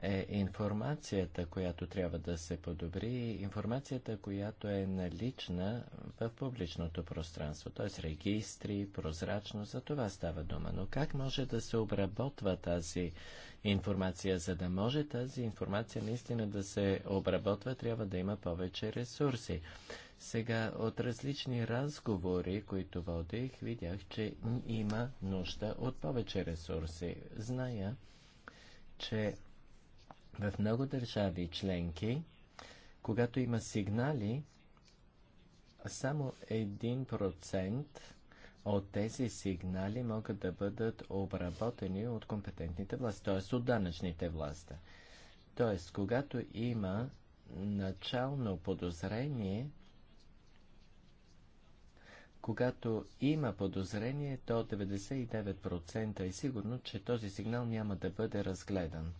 S2: е информацията, която трябва да се подобри, информацията, която е налична в публичното пространство, т.е. регистри, прозрачност, за това става дума. Но как може да се обработва тази информация? За да може тази информация наистина да се обработва, трябва да има повече ресурси. Сега от различни разговори, които водих, видях, че има нужда от повече ресурси. Зная, че в много държави членки, когато има сигнали, само 1% от тези сигнали могат да бъдат обработени от компетентните власти, т.е. от данъчните власти. Т.е. когато има начално подозрение, когато има подозрение, то 99% е сигурно, че този сигнал няма да бъде разгледан.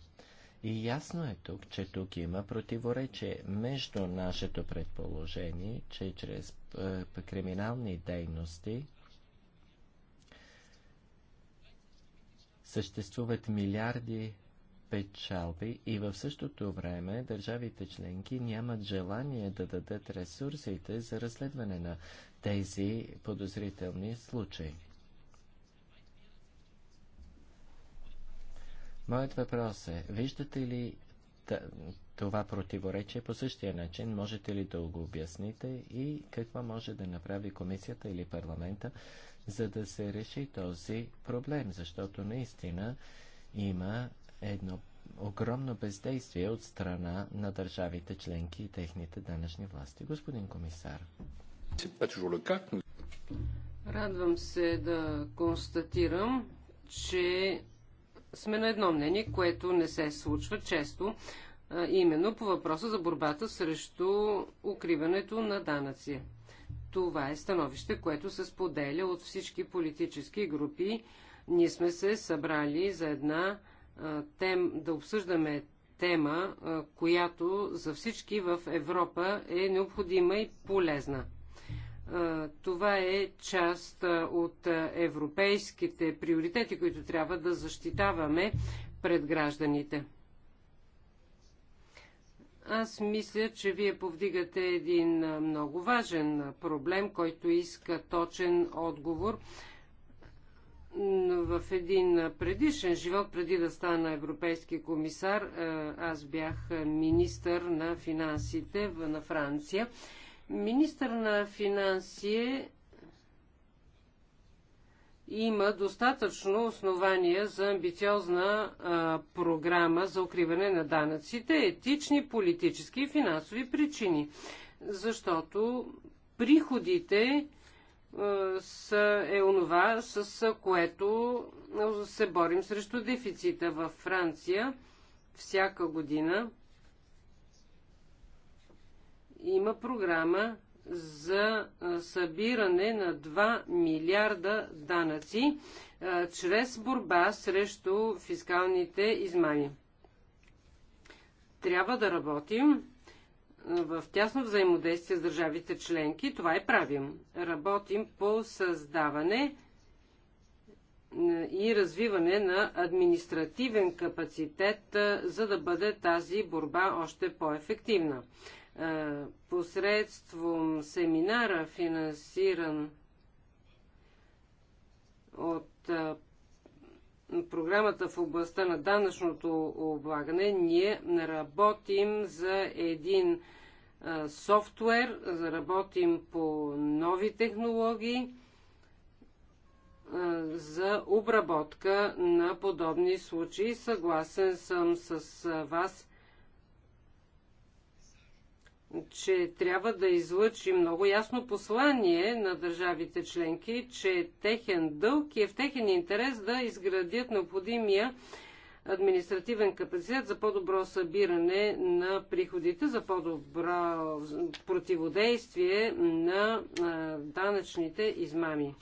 S2: И ясно е тук, че тук има противоречие между нашето предположение, че чрез е, криминални дейности съществуват милиарди печалби и в същото време държавите членки нямат желание да дадат ресурсите за разследване на тези подозрителни случаи. Моят въпрос е, виждате ли това противоречие по същия начин? Можете ли да го обясните и какво може да направи комисията или парламента, за да се реши този проблем? Защото наистина има едно огромно бездействие от страна на държавите членки и техните данъчни власти. Господин комисар.
S3: Радвам се да констатирам, че сме на едно мнение, което не се случва често, именно по въпроса за борбата срещу укриването на данъци. Това е становище, което се споделя от всички политически групи. Ние сме се събрали за една тем, да обсъждаме тема, която за всички в Европа е необходима и полезна. Това е част от европейските приоритети, които трябва да защитаваме пред гражданите. Аз мисля, че вие повдигате един много важен проблем, който иска точен отговор. В един предишен живот, преди да стана европейски комисар, аз бях министър на финансите на Франция Министър на финанси има достатъчно основания за амбициозна а, програма за укриване на данъците, етични, политически и финансови причини. Защото приходите а, са, е онова, с а, което се борим срещу дефицита във Франция всяка година има програма за събиране на 2 милиарда данъци чрез борба срещу фискалните измами. Трябва да работим в тясно взаимодействие с държавите членки. Това и правим. Работим по създаване и развиване на административен капацитет, за да бъде тази борба още по-ефективна посредством семинара, финансиран от програмата в областта на данъчното облагане, ние работим за един софтуер, работим по нови технологии за обработка на подобни случаи. Съгласен съм с вас, че трябва да излъчи много ясно послание на държавите членки, че техен дълг и е в техен интерес да изградят необходимия административен капацитет за по-добро събиране на приходите, за по-добро противодействие на данъчните измами.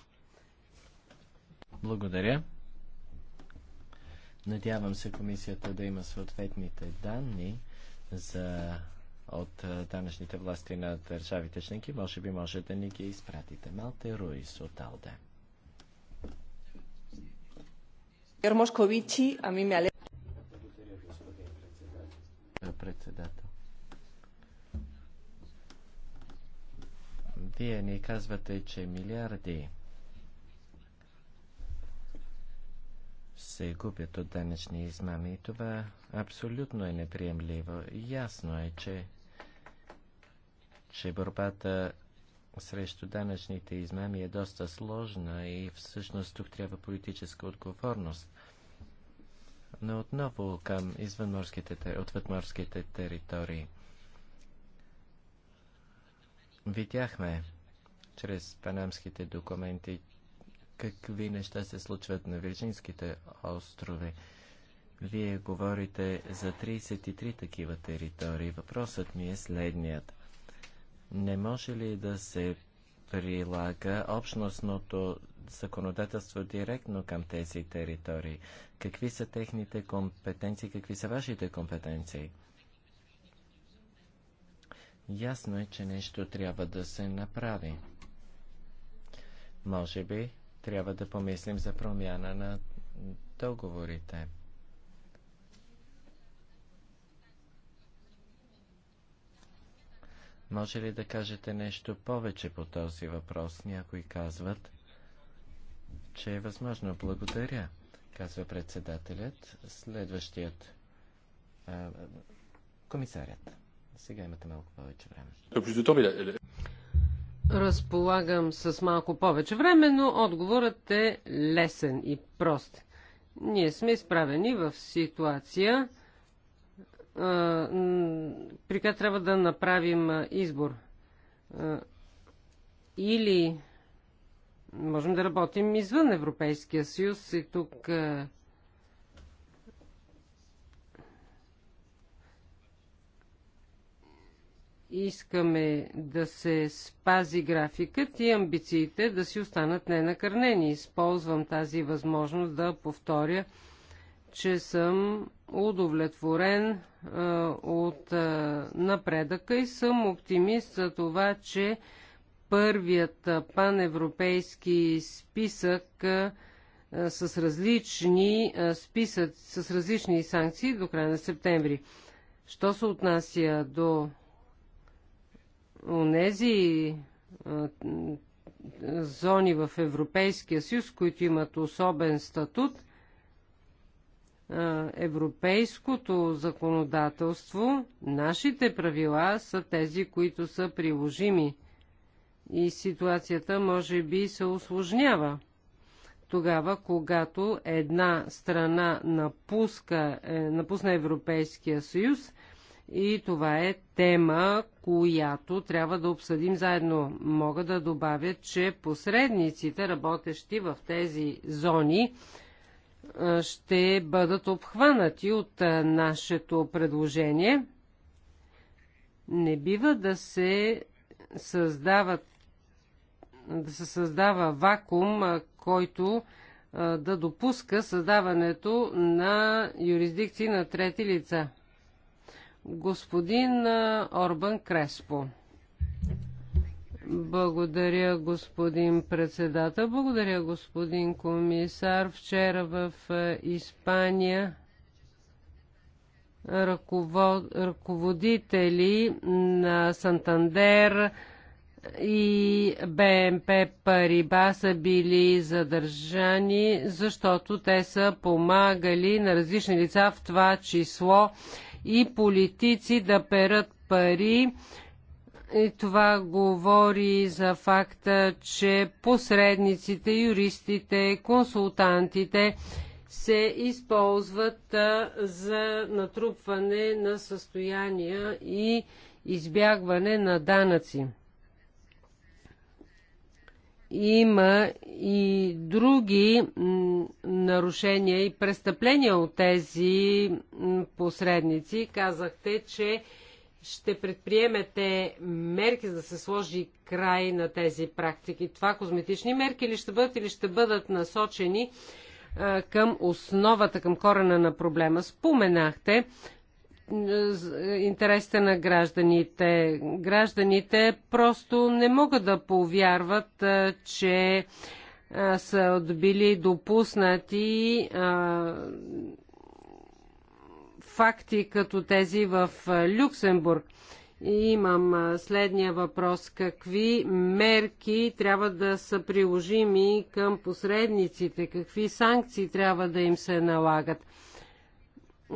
S2: Благодаря. Надявам се комисията да има съответните данни за от данъчните власти на държавите членки, може би може да ни ги изпратите. Малте Руис от Алде. Председател. Вие ни казвате, че милиарди се губят от данъчни измами това абсолютно е неприемливо. Ясно е, че че борбата срещу данъчните измами е доста сложна и всъщност тук трябва политическа отговорност. Но отново към извънморските, отвъдморските територии. Видяхме чрез панамските документи какви неща се случват на Вирджинските острови. Вие говорите за 33 такива територии. Въпросът ми е следният. Не може ли да се прилага общностното законодателство директно към тези територии? Какви са техните компетенции, какви са вашите компетенции? Ясно е, че нещо трябва да се направи. Може би трябва да помислим за промяна на договорите. Може ли да кажете нещо повече по този въпрос? Някои казват, че е възможно. Благодаря, казва председателят. Следващият а, комисарят. Сега имате малко повече време.
S3: Разполагам с малко повече време, но отговорът е лесен и прост. Ние сме изправени в ситуация, при която трябва да направим избор. Или можем да работим извън Европейския съюз и тук искаме да се спази графикът и амбициите да си останат ненакърнени. Използвам тази възможност да повторя че съм удовлетворен а, е, от а, е, напредъка и съм оптимист за това, че първият паневропейски списък а, е, с различни списъци, с различни санкции до края на септември. Що се отнася до онези зони в Европейския съюз, които имат особен статут, европейското законодателство, нашите правила са тези, които са приложими. И ситуацията може би се осложнява. Тогава, когато една страна напуска, е, напусна Европейския съюз, и това е тема, която трябва да обсъдим заедно. Мога да добавя, че посредниците, работещи в тези зони, ще бъдат обхванати от нашето предложение. Не бива да се създават да се създава вакуум, който да допуска създаването на юрисдикции на трети лица. Господин Орбан Креспо. Благодаря, господин председател. Благодаря, господин комисар. Вчера в е, Испания ръководители на Сантандер и БМП Париба са били задържани, защото те са помагали на различни лица, в това число и политици да перат пари и това говори за факта, че посредниците, юристите, консултантите се използват за натрупване на състояния и избягване на данъци. Има и други нарушения и престъпления от тези посредници. Казахте, че ще предприемете мерки, за да се сложи край на тези практики? Това козметични мерки ли ще бъдат или ще бъдат насочени а, е, към основата, към корена на проблема? Споменахте е, е, интересите на гражданите. Гражданите просто не могат да повярват, а, че а, са били допуснати факти като тези в Люксембург. И имам следния въпрос. Какви мерки трябва да са приложими към посредниците? Какви санкции трябва да им се налагат?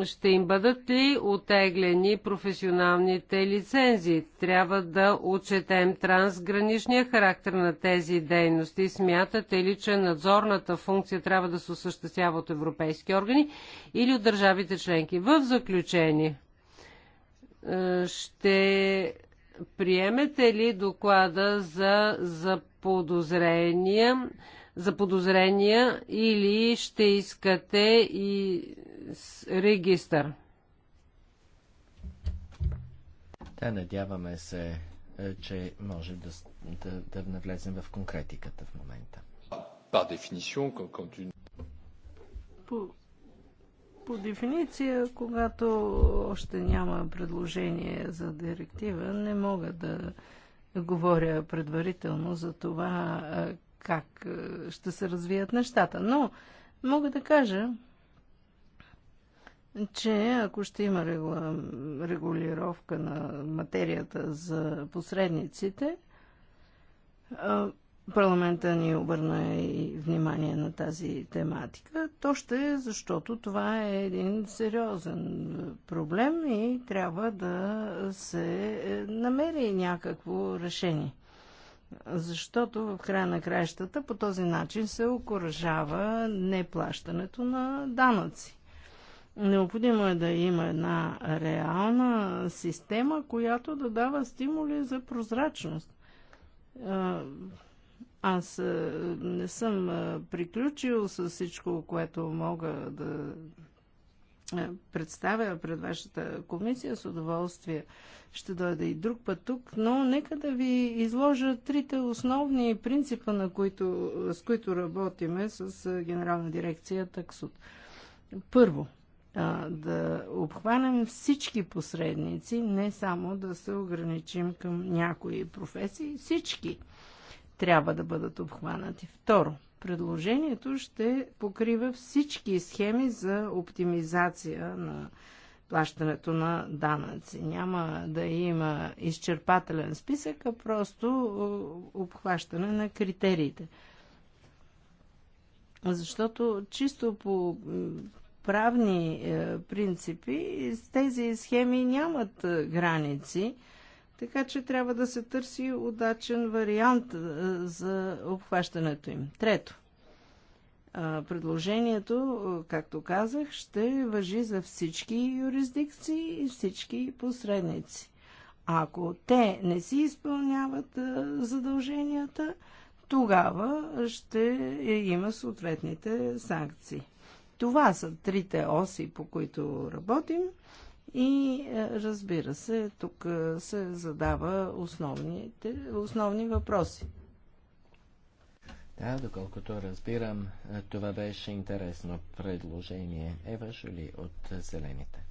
S3: ще им бъдат ли отеглени професионалните лицензии? Трябва да отчетем трансграничния характер на тези дейности. Смятате ли, че надзорната функция трябва да се осъществява от европейски органи или от държавите членки? В заключение, е, ще приемете ли доклада за, за подозрения? за подозрения или ще искате и регистър.
S2: Да, надяваме се, е, че може да, да, да навлезем в конкретиката в момента.
S1: По, по дефиниция, когато още няма предложение за директива, не мога да говоря предварително за това е, как е, ще се развият нещата. Но мога да кажа, че ако ще има регулировка на материята за посредниците, парламента ни обърна и внимание на тази тематика, то ще е, защото това е един сериозен проблем и трябва да се е, намери някакво решение. Защото в края на краищата по този начин се окоръжава неплащането на данъци. Необходимо е да има една реална система, която да дава стимули за прозрачност. Аз не съм приключил с всичко, което мога да представя пред вашата комисия. С удоволствие ще дойда и друг път тук, но нека да ви изложа трите основни принципа, на които, с които работиме с Генерална дирекция Таксуд. Първо – а, да обхванем всички посредници, не само да се ограничим към някои професии, всички трябва да бъдат обхванати. Второ, предложението ще покрива всички схеми за оптимизация на плащането на данъци. Няма да има изчерпателен списък, а просто обхващане на критериите. Защото чисто по правни е, принципи, тези схеми нямат е, граници, така че трябва да се търси удачен вариант е, за обхващането им. Трето, предложението, както казах, ще въжи за всички юрисдикции и всички посредници. Ако те не си изпълняват задълженията, тогава ще има съответните санкции. Това са трите оси, по които работим. И е, разбира се, тук е, се задава основните, основни въпроси.
S2: Да, доколкото разбирам, е, това беше интересно предложение. Ева Жули от Зелените.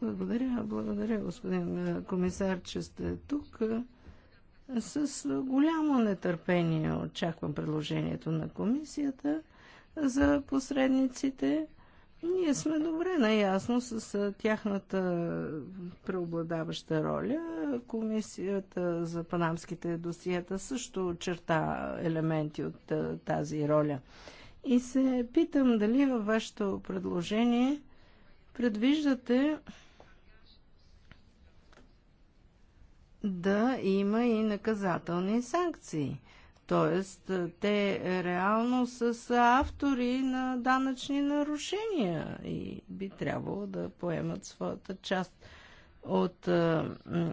S1: Благодаря, благодаря, господин комисар, че сте тук. С голямо нетърпение очаквам предложението на комисията за посредниците. Ние сме добре наясно с тяхната преобладаваща роля. Комисията за панамските досиета също черта елементи от тази роля. И се питам дали във вашето предложение предвиждате да има и наказателни санкции – Тоест, те реално са, автори на данъчни нарушения и би трябвало да поемат своята част от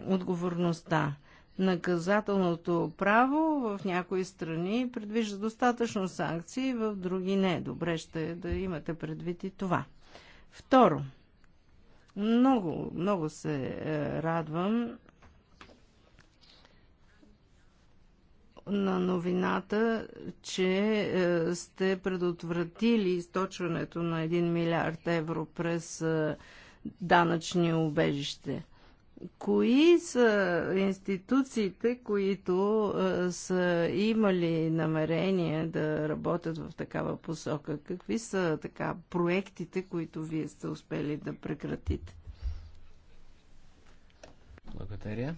S1: отговорността. Наказателното право в някои страни предвижда достатъчно санкции, в други не. Добре ще е да имате предвид и това. Второ, много, много се е, радвам на новината, че е, сте предотвратили източването на 1 милиард евро през е, данъчни убежище. Кои са институциите, които е, са имали намерение да работят в такава посока? Какви са така проектите, които вие сте успели да прекратите?
S2: Благодаря.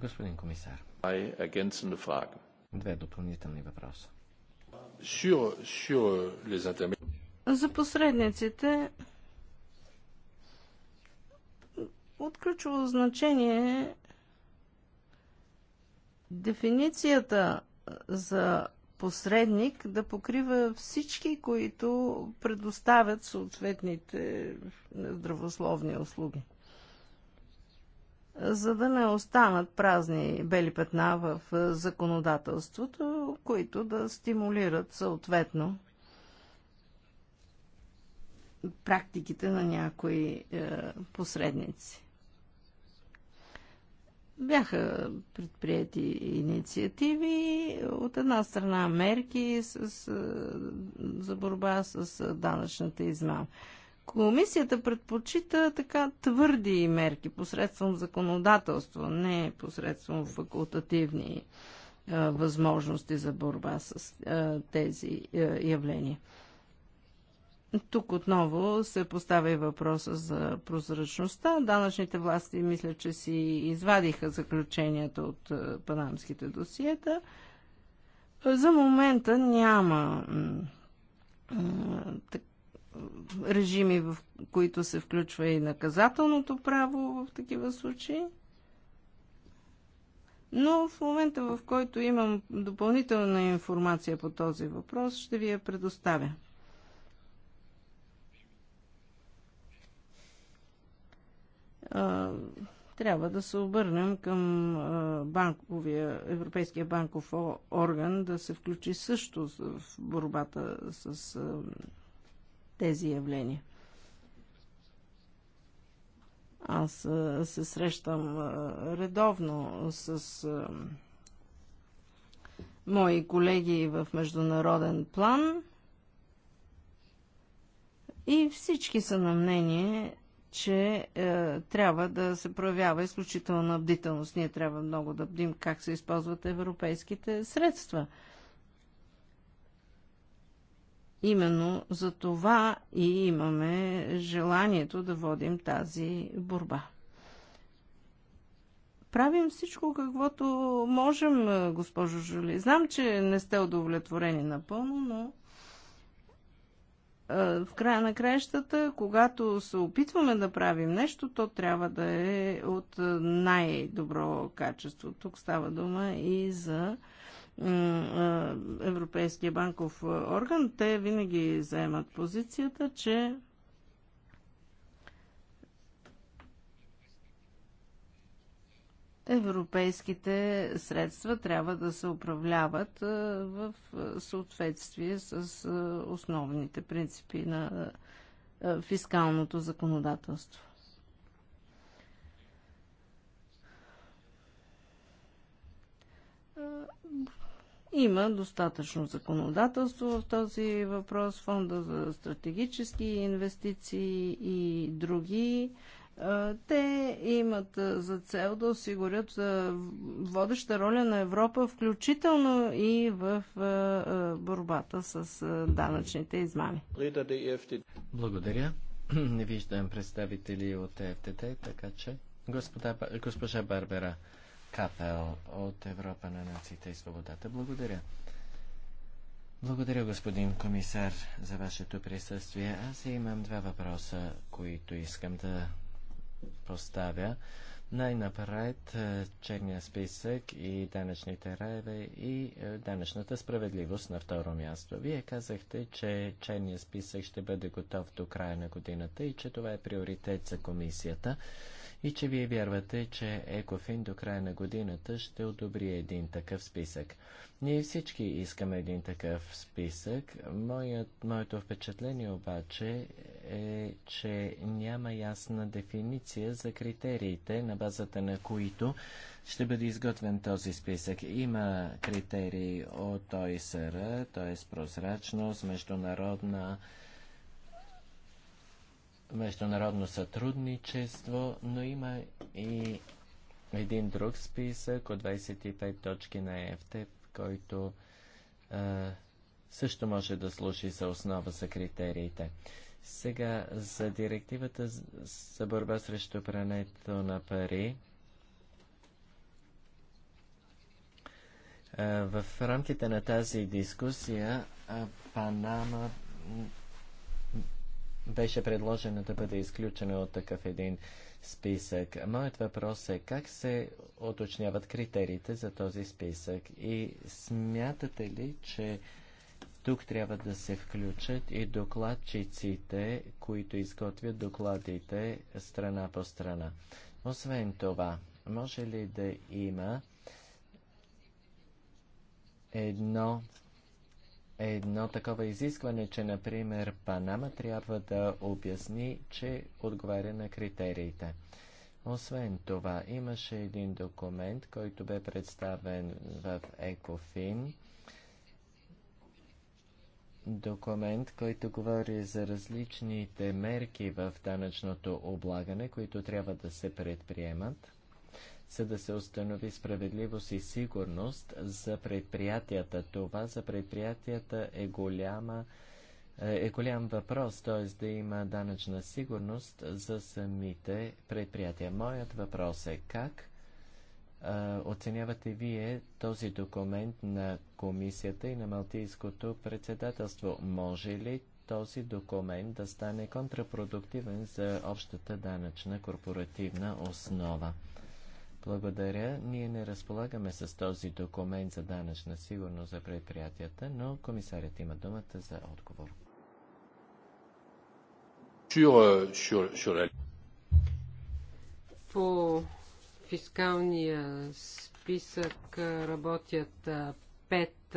S2: Господин комисар. Агенцен фраги. Две допълнителни въпроса.
S1: Euh, за посредниците от ключово значение е дефиницията за посредник да покрива всички, които предоставят съответните здравословни услуги за да не останат празни бели петна в е, законодателството, които да стимулират съответно практиките на някои е, посредници. Бяха предприяти инициативи, от една страна мерки с, с, е, за борба с е, данъчната измама. Комисията предпочита така твърди мерки посредством законодателство, не посредством факултативни а, е, възможности за борба с а, е, тези а, е, явления. Тук отново се поставя и въпроса за прозрачността. Данъчните власти мисля, че си извадиха заключенията от панамските досиета. За момента няма режими, в които се включва и наказателното право в такива случаи. Но в момента, в който имам допълнителна информация по този въпрос, ще ви я предоставя. трябва да се обърнем към банковия, Европейския банков орган да се включи също в борбата с тези явления. Аз се срещам редовно с мои колеги в международен план и всички са на мнение, че е, трябва да се проявява изключителна бдителност. Ние трябва много да бдим как се използват европейските средства. Именно за това и имаме желанието да водим тази борба. Правим всичко каквото можем, госпожо Жули. Знам, че не сте удовлетворени напълно, но в края на краищата, когато се опитваме да правим нещо, то трябва да е от най-добро качество. Тук става дума и за Европейския банков орган, те винаги заемат позицията, че европейските средства трябва да се управляват в съответствие с основните принципи на фискалното законодателство. Има достатъчно законодателство в този въпрос, фонда за стратегически инвестиции и други. Те имат за цел да осигурят водеща роля на Европа, включително и в борбата с данъчните измами.
S2: Благодаря. [CLEARS THROAT] Не виждам представители от ЕФТТ, така че госпожа, госпожа Барбера. Капел от Европа на нациите и свободата. Благодаря. Благодаря, господин комисар, за вашето присъствие. Аз имам два въпроса, които искам да поставя. Най-напред е, черния списък и данъчните раеве и е, данъчната справедливост на второ място. Вие казахте, че черния списък ще бъде готов до края на годината и че това е приоритет за комисията и че вие вярвате, че Екофин до края на годината ще одобри един такъв списък. Ние всички искаме един такъв списък. Моят, моето впечатление обаче е, че няма ясна дефиниция за критериите, на базата на които ще бъде изготвен този списък. Има критерии от ОИСР, т.е. прозрачност, международна международно сътрудничество, но има и един друг списък от 25 точки на ЕФТ, който а, също може да служи за основа за критериите. Сега за директивата за борба срещу прането на пари. в рамките на тази дискусия Панама беше предложено да бъде изключено от такъв един списък. Моят въпрос е как се оточняват критериите за този списък и смятате ли, че тук трябва да се включат и докладчиците, които изготвят докладите страна по страна. Освен това, може ли да има едно едно такова изискване, че, например, Панама трябва да обясни, че отговаря на критериите. Освен това, имаше един документ, който бе представен в Екофин. Документ, който говори за различните мерки в данъчното облагане, които трябва да се предприемат за да се установи справедливост и сигурност за предприятията. Това за предприятията е голяма е голям въпрос, т.е. да има данъчна сигурност за самите предприятия. Моят въпрос е как а, оценявате вие този документ на комисията и на Малтийското председателство? Може ли този документ да стане контрапродуктивен за общата данъчна корпоративна основа? Благодаря. Ние не разполагаме с този документ за данъчна сигурност за предприятията, но комисарят има думата за
S1: отговор.
S3: По фискалния списък работят пет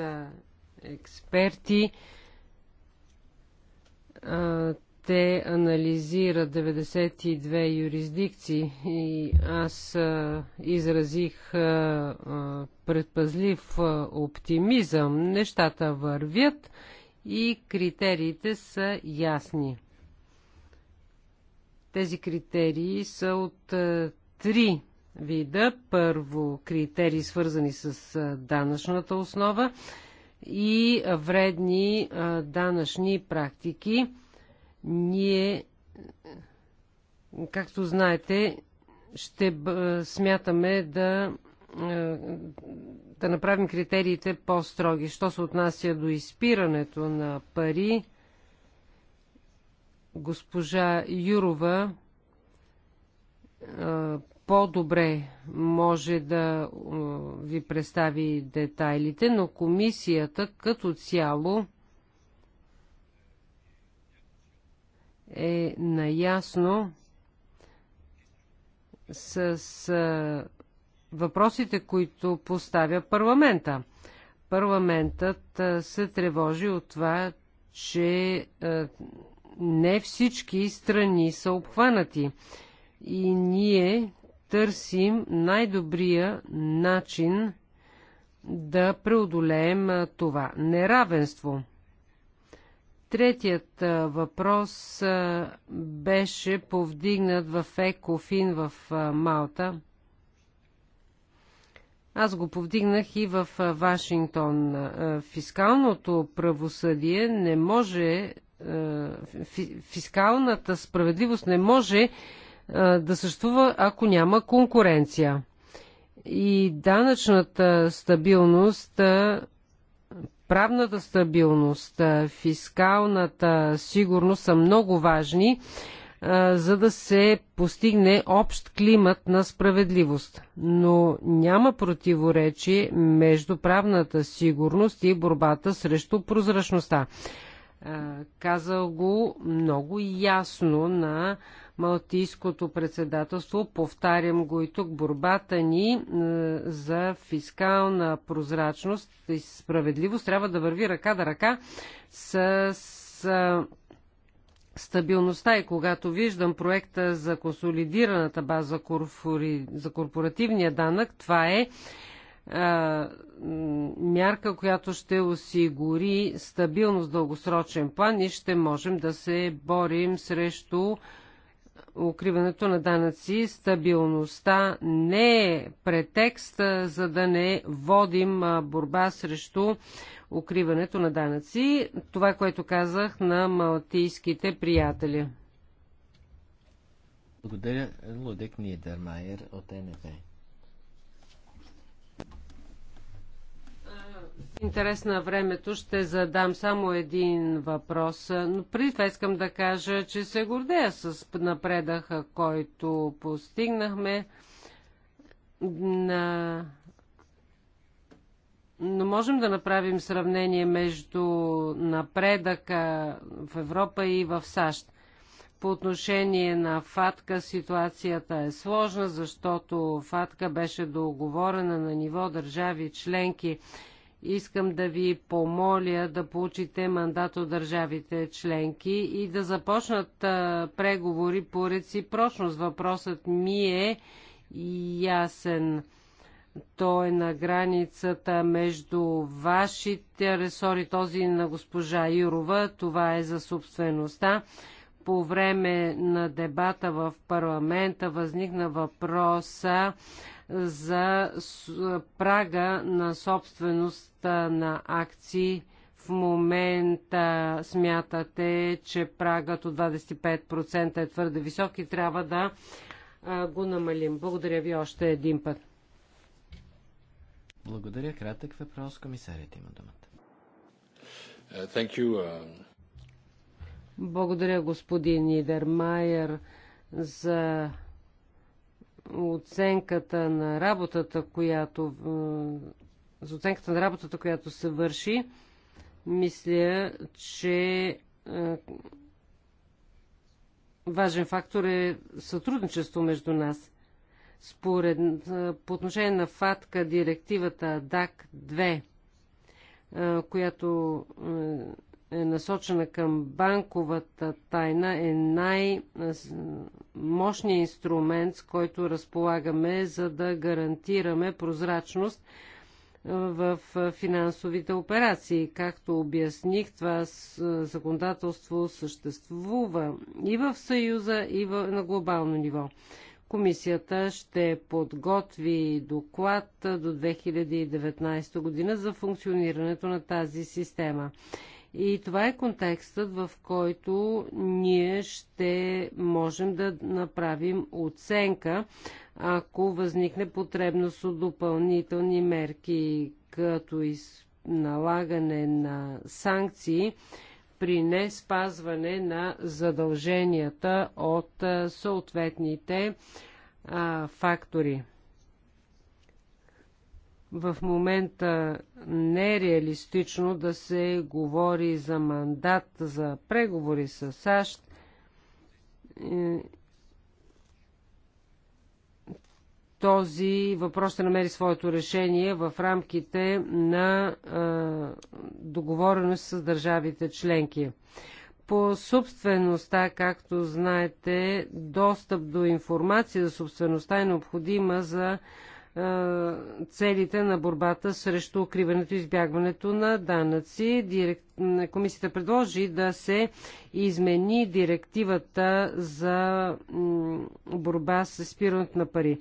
S3: експерти те анализира 92 юрисдикции и аз изразих предпазлив оптимизъм. Нещата вървят и критериите са ясни. Тези критерии са от три вида. Първо, критерии свързани с данъчната основа и вредни данъчни практики ние, както знаете, ще смятаме да, да направим критериите по-строги. Що се отнася до изпирането на пари, госпожа Юрова по-добре може да ви представи детайлите, но комисията като цяло е наясно с въпросите, които поставя парламента. Парламентът се тревожи от това, че не всички страни са обхванати и ние търсим най-добрия начин да преодолеем това неравенство. Третият въпрос беше повдигнат в Екофин в Малта. Аз го повдигнах и в Вашингтон. Фискалното правосъдие не може. Фискалната справедливост не може да съществува, ако няма конкуренция. И данъчната стабилност правната стабилност, фискалната сигурност са много важни, за да се постигне общ климат на справедливост. Но няма противоречие между правната сигурност и борбата срещу прозрачността. Казал го много ясно на Малтийското председателство. Повтарям го и тук. Борбата ни е, за фискална прозрачност и справедливост трябва да върви ръка да ръка с, е, стабилността и когато виждам проекта за консолидираната база за корпоративния данък, това е, е мярка, която ще осигури стабилност в дългосрочен план и ще можем да се борим срещу укриването на данъци, стабилността не е претекст, за да не водим борба срещу укриването на данъци. Това, което казах на малтийските приятели.
S2: Благодаря, Лудек Нидермайер от НФ.
S3: интерес на времето ще задам само един въпрос, но преди това искам да кажа, че се гордея с напредаха, който постигнахме. На... Но можем да направим сравнение между напредъка в Европа и в САЩ. По отношение на ФАТКА ситуацията е сложна, защото ФАТКА беше договорена на ниво държави членки Искам да ви помоля да получите мандат от държавите членки и да започнат а, преговори по реципрочност. Въпросът ми е ясен. Той е на границата между вашите ресори, този на госпожа Ирова. Това е за собствеността. По време на дебата в парламента възникна въпроса за прага на собствеността на акции. В момента смятате, че прагът от 25% е твърде висок и трябва да го намалим. Благодаря ви още един път.
S2: Благодаря. Кратък въпрос. Комисарят има думата.
S1: Uh, thank you. Uh,
S3: Благодаря, господин Нидермайер, за оценката на работата, която за оценката на работата, която се върши, мисля, че е, важен фактор е сътрудничество между нас. Според, е, по отношение на ФАТКА, директивата дак 2, е, която е насочена към банковата тайна, е най-мощният инструмент, с който разполагаме, за да гарантираме прозрачност в финансовите операции. Както обясних, това законодателство съществува и в Съюза, и на глобално ниво. Комисията ще подготви доклад до 2019 година за функционирането на тази система. И това е контекстът, в който ние ще можем да направим оценка, ако възникне потребност от допълнителни мерки, като налагане на санкции при не спазване на задълженията от съответните фактори в момента нереалистично да се говори за мандат за преговори с САЩ. Е, този въпрос ще намери своето решение в рамките на е, договореност с държавите членки. По собствеността, както знаете, достъп до информация за собствеността е необходима за целите на борбата срещу укриването и избягването на данъци. Комисията предложи да се измени директивата за борба с спирането на пари.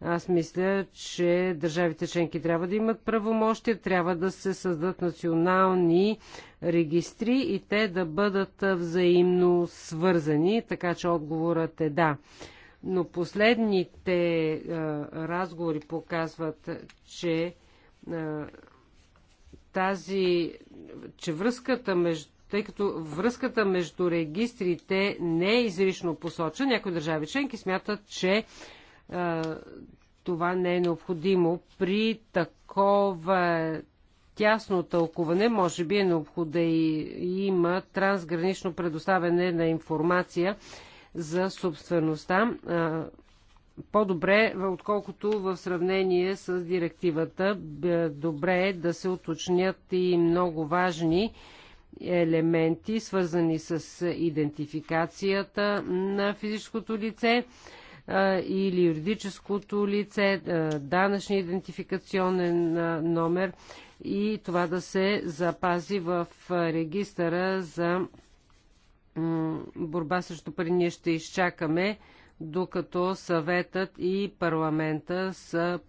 S3: Аз мисля, че държавите членки трябва да имат правомощи, трябва да се създадат национални регистри и те да бъдат взаимно свързани, така че отговорът е да но последните а, разговори показват, че а, тази, че връзката между тъй като връзката между регистрите не е изрично посочена. Някои държави членки смятат, че а, това не е необходимо. При такова тясно тълкуване, може би е необходимо да има трансгранично предоставяне на информация за собствеността. По-добре, отколкото в сравнение с директивата, добре е да се уточнят и много важни елементи, свързани с идентификацията на физическото лице или юридическото лице, данъчния идентификационен номер и това да се запази в регистъра за борба срещу пари, ние ще изчакаме, докато съветът и парламента са,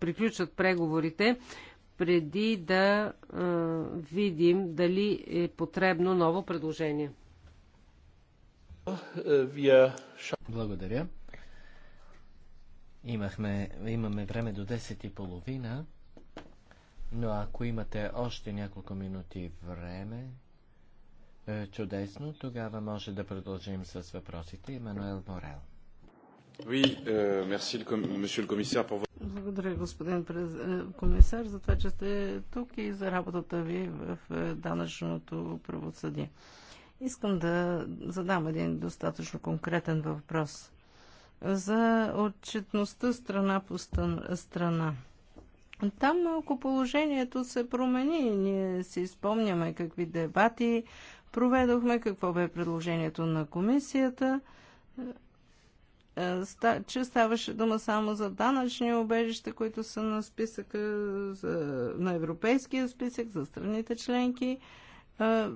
S3: приключат преговорите, преди да а, видим дали е потребно ново предложение.
S2: Благодаря. Имахме, имаме време до 10 и половина, но ако имате още няколко минути време, е, чудесно, тогава може да продължим с въпросите. Емануел Морел.
S1: Е, Благодаря, господин е, комисар, за това, че сте тук и за работата ви в данъчното правосъдие. Искам да задам един достатъчно конкретен въпрос за отчетността страна по страна. Там малко положението се промени. Ние си спомняме какви дебати проведохме, какво бе предложението на комисията, е, че ставаше дума само за данъчни обежища, които са на списъка, на европейския списък, за страните членки. Е,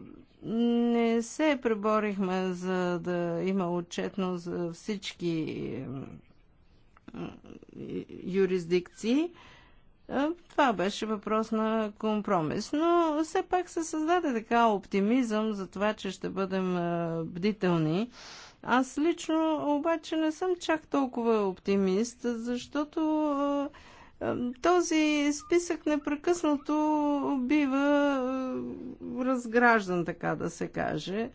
S1: не се преборихме за да има отчетно за всички юрисдикции. Това беше въпрос на компромис. Но все пак се създаде така оптимизъм за това, че ще бъдем бдителни. Аз лично обаче не съм чак толкова оптимист, защото този списък непрекъснато бива разграждан, така да се каже.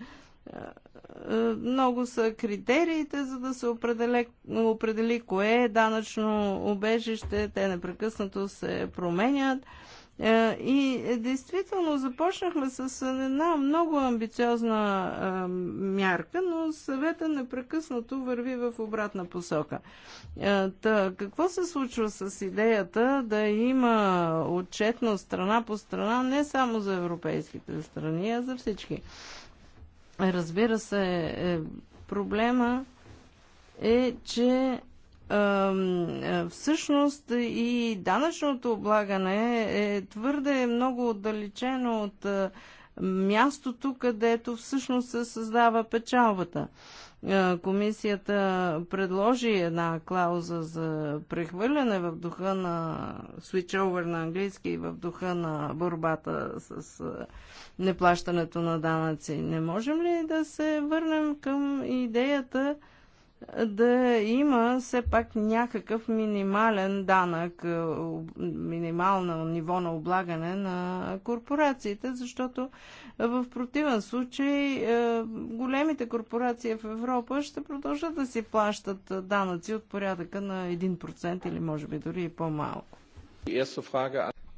S1: Е, много са критериите, за да се определи, определи кое е данъчно обежище. Те непрекъснато се променят. Е, и действително започнахме с една много амбициозна е, мярка, но съвета непрекъснато върви в обратна посока. та, какво се случва с идеята да има отчетност страна по страна, не само за европейските страни, а за всички? Разбира се, е, проблема е, че е, всъщност и данъчното облагане е твърде много отдалечено от е, мястото, където всъщност се създава печалбата. Е, комисията предложи една клауза за прехвърляне в духа на свичовър на английски и в духа на борбата с е, неплащането на данъци. Не можем ли да се върнем към идеята да има все пак някакъв минимален данък, е, минимално ниво на облагане на корпорациите, защото в противен случай е, големите корпорации в Европа ще продължат да си плащат данъци от порядъка на 1% или може би дори и по-малко.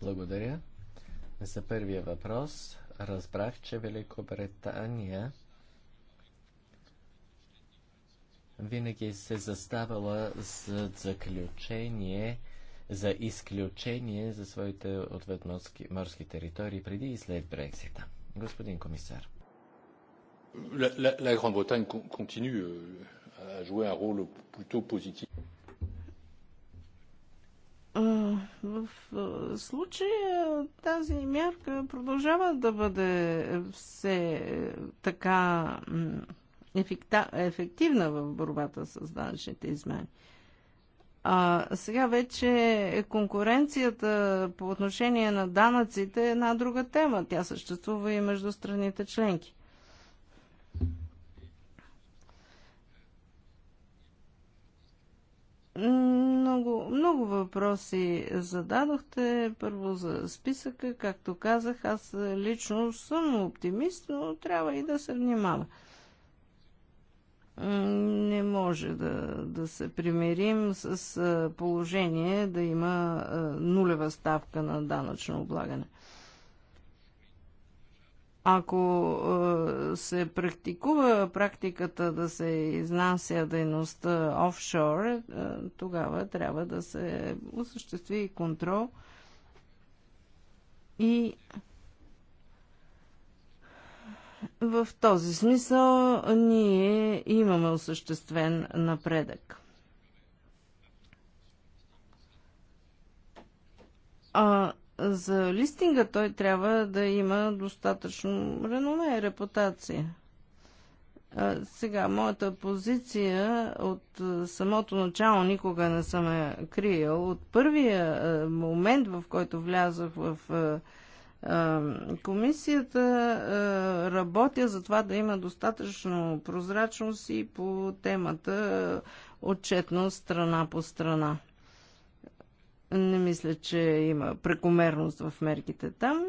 S2: Благодаря. За първия въпрос разбрах, че Великобритания винаги се заставала за заключение, за изключение за своите отвъдморски морски територии преди и след Брексита. Господин комисар.
S3: La, Grande-Bretagne euh,
S1: В случая тази мярка продължава да бъде все така ефективна в борбата с данъчните измени. А сега вече конкуренцията по отношение на данъците е една друга тема. Тя съществува и между страните членки. Много, много въпроси зададохте. Първо за списъка, както казах, аз лично съм оптимист, но трябва и да се внимава не може да, да се примирим с положение да има нулева ставка на данъчно облагане. Ако се практикува практиката да се изнася дейността офшор, тогава трябва да се осъществи контрол и в този смисъл ние имаме осъществен напредък. А за листинга той трябва да има достатъчно реноме и репутация. А, сега, моята позиция от самото начало никога не съм я е криел. От първия момент, в който влязах в Комисията работя за това да има достатъчно прозрачност и по темата отчетност страна по страна. Не мисля, че има прекомерност в мерките там.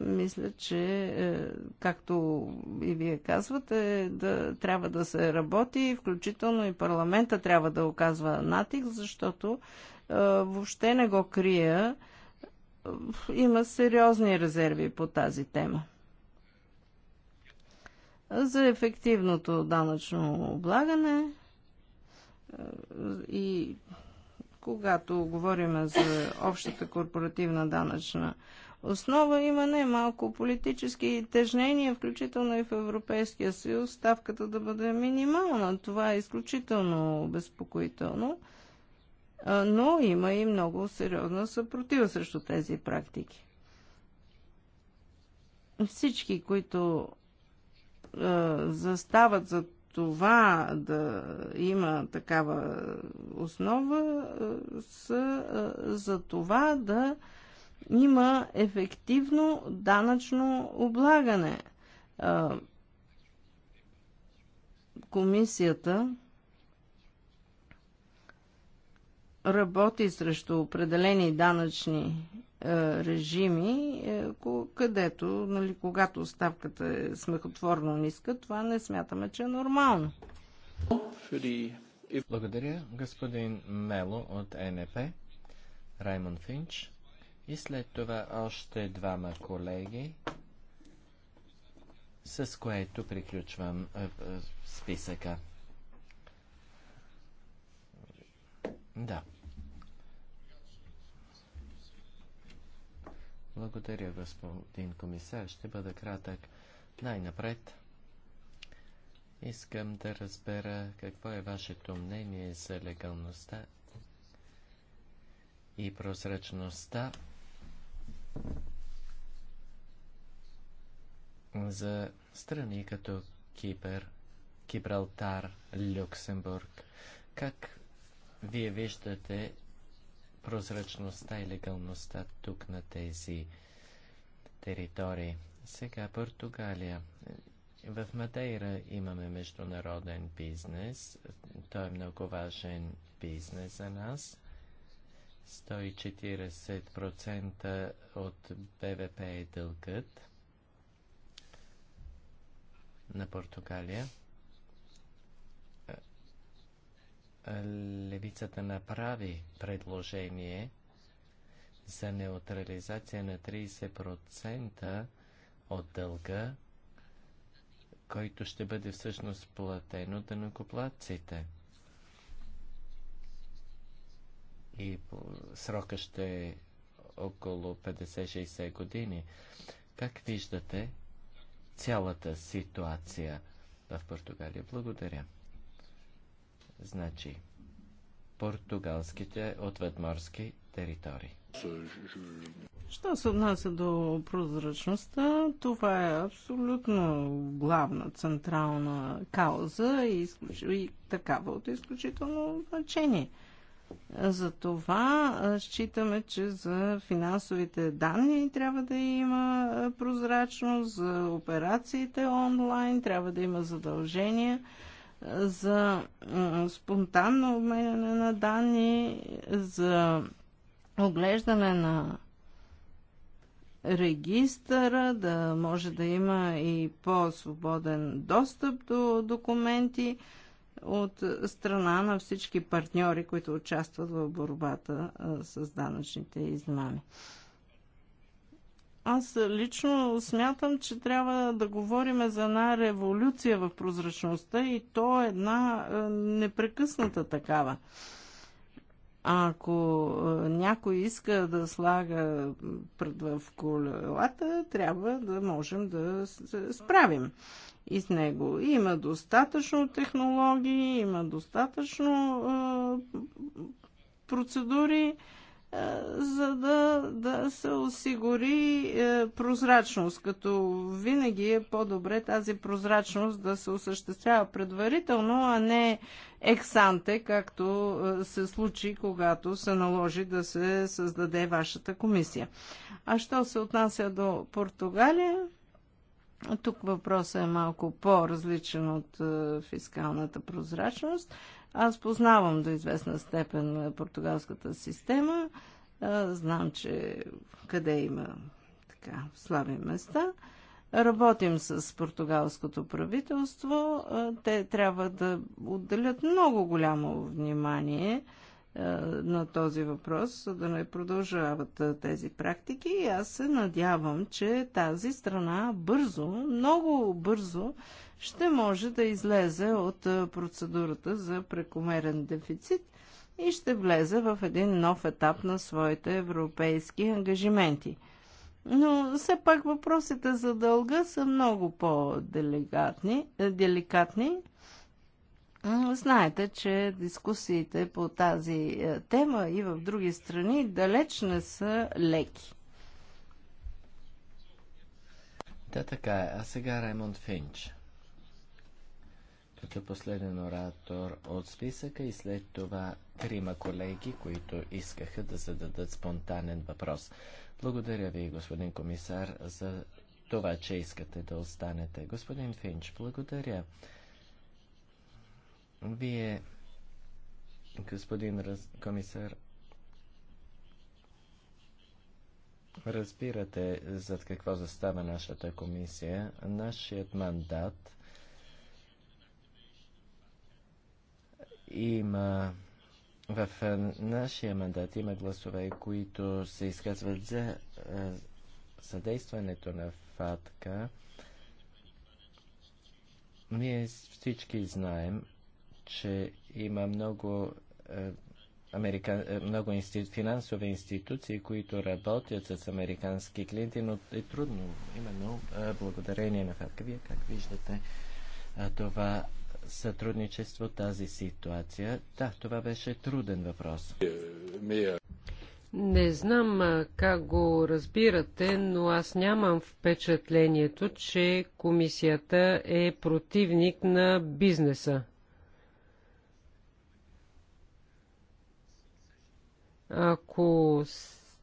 S1: Мисля, че, е, както и вие казвате, да, трябва да се работи, включително и парламента трябва да оказва натиск, защото е, въобще не го крия има сериозни резерви по тази тема. За ефективното данъчно облагане е, и когато говорим за общата корпоративна данъчна основа, има немалко политически тежнения, включително и в Европейския съюз, ставката да бъде минимална. Това е изключително безпокоително но има и много сериозна съпротива срещу тези практики. Всички, които застават за това да има такава основа, са за това да има ефективно данъчно облагане. Комисията работи срещу определени данъчни е, режими, е, където, нали, когато ставката е смехотворно ниска, това не смятаме, че е нормално.
S2: Благодаря, господин Мело от НП, Раймон Финч и след това още двама колеги, с което приключвам е, списъка. Да. Благодаря, господин комисар. Ще бъда кратък. Най-напред искам да разбера какво е вашето мнение за легалността и прозрачността за страни като Кипер, Кибралтар, Люксембург. Как вие виждате прозрачността и легалността тук на тези територии. Сега Португалия. В Мадейра имаме международен бизнес. Той е много важен бизнес за нас. 140% от БВП е дългът на Португалия. левицата направи предложение за неутрализация на 30% от дълга, който ще бъде всъщност платен от накоплаците. И срока ще е около 50-60 години. Как виждате цялата ситуация в Португалия? Благодаря. Значи, португалските отведморски територии.
S1: Що се отнася до прозрачността, това е абсолютно главна централна кауза и, изключ... и такава от изключително значение. За това считаме, че за финансовите данни трябва да има прозрачност, за операциите онлайн трябва да има задължения за спонтанно обменяне на данни, за оглеждане на регистъра, да може да има и по-свободен достъп до документи от страна на всички партньори, които участват в борбата с данъчните измами. Аз лично смятам, че трябва да говорим за една революция в прозрачността и то е една е, непрекъсната такава. Ако е, някой иска да слага пред в колелата, трябва да можем да се справим и с него. Има достатъчно технологии, има достатъчно е, процедури. Е, е, за да, да се осигури е, прозрачност, като винаги е по-добре тази прозрачност да се осъществява предварително, а не ексанте, както е, се случи, когато се наложи да се създаде вашата комисия. А що се отнася до Португалия? Тук въпросът е малко по-различен от фискалната прозрачност. Аз познавам до известна степен е, португалската система. Е, знам, че къде има така слаби места. Работим с португалското правителство. Е, те трябва да отделят много голямо внимание на този въпрос, за да не продължават тези практики. И аз се надявам, че тази страна бързо, много бързо ще може да излезе от процедурата за прекомерен дефицит и ще влезе в един нов етап на своите европейски ангажименти. Но все пак въпросите за дълга са много по-деликатни. Е, знаете, че дискусиите по тази е, тема и в други страни далеч не са леки.
S2: Да, така е. А сега Раймонд Финч като последен оратор от списъка и след това трима колеги, които искаха да зададат спонтанен въпрос. Благодаря ви, господин комисар, за това, че искате да останете. Господин Финч, благодаря. Вие, господин раз... комисар, разбирате зад какво застава нашата комисия. Нашият мандат Има в нашия мандат има гласове, които се изказват за съдействането на ФАТКА. Ние всички знаем, че има много, америка... много институ... финансови институции, които работят с американски клиенти, но е трудно. Именно благодарение на Фатка. Вие как виждате това сътрудничество тази ситуация. Да, това беше труден въпрос.
S3: Не знам как го разбирате, но аз нямам впечатлението, че комисията е противник на бизнеса. Ако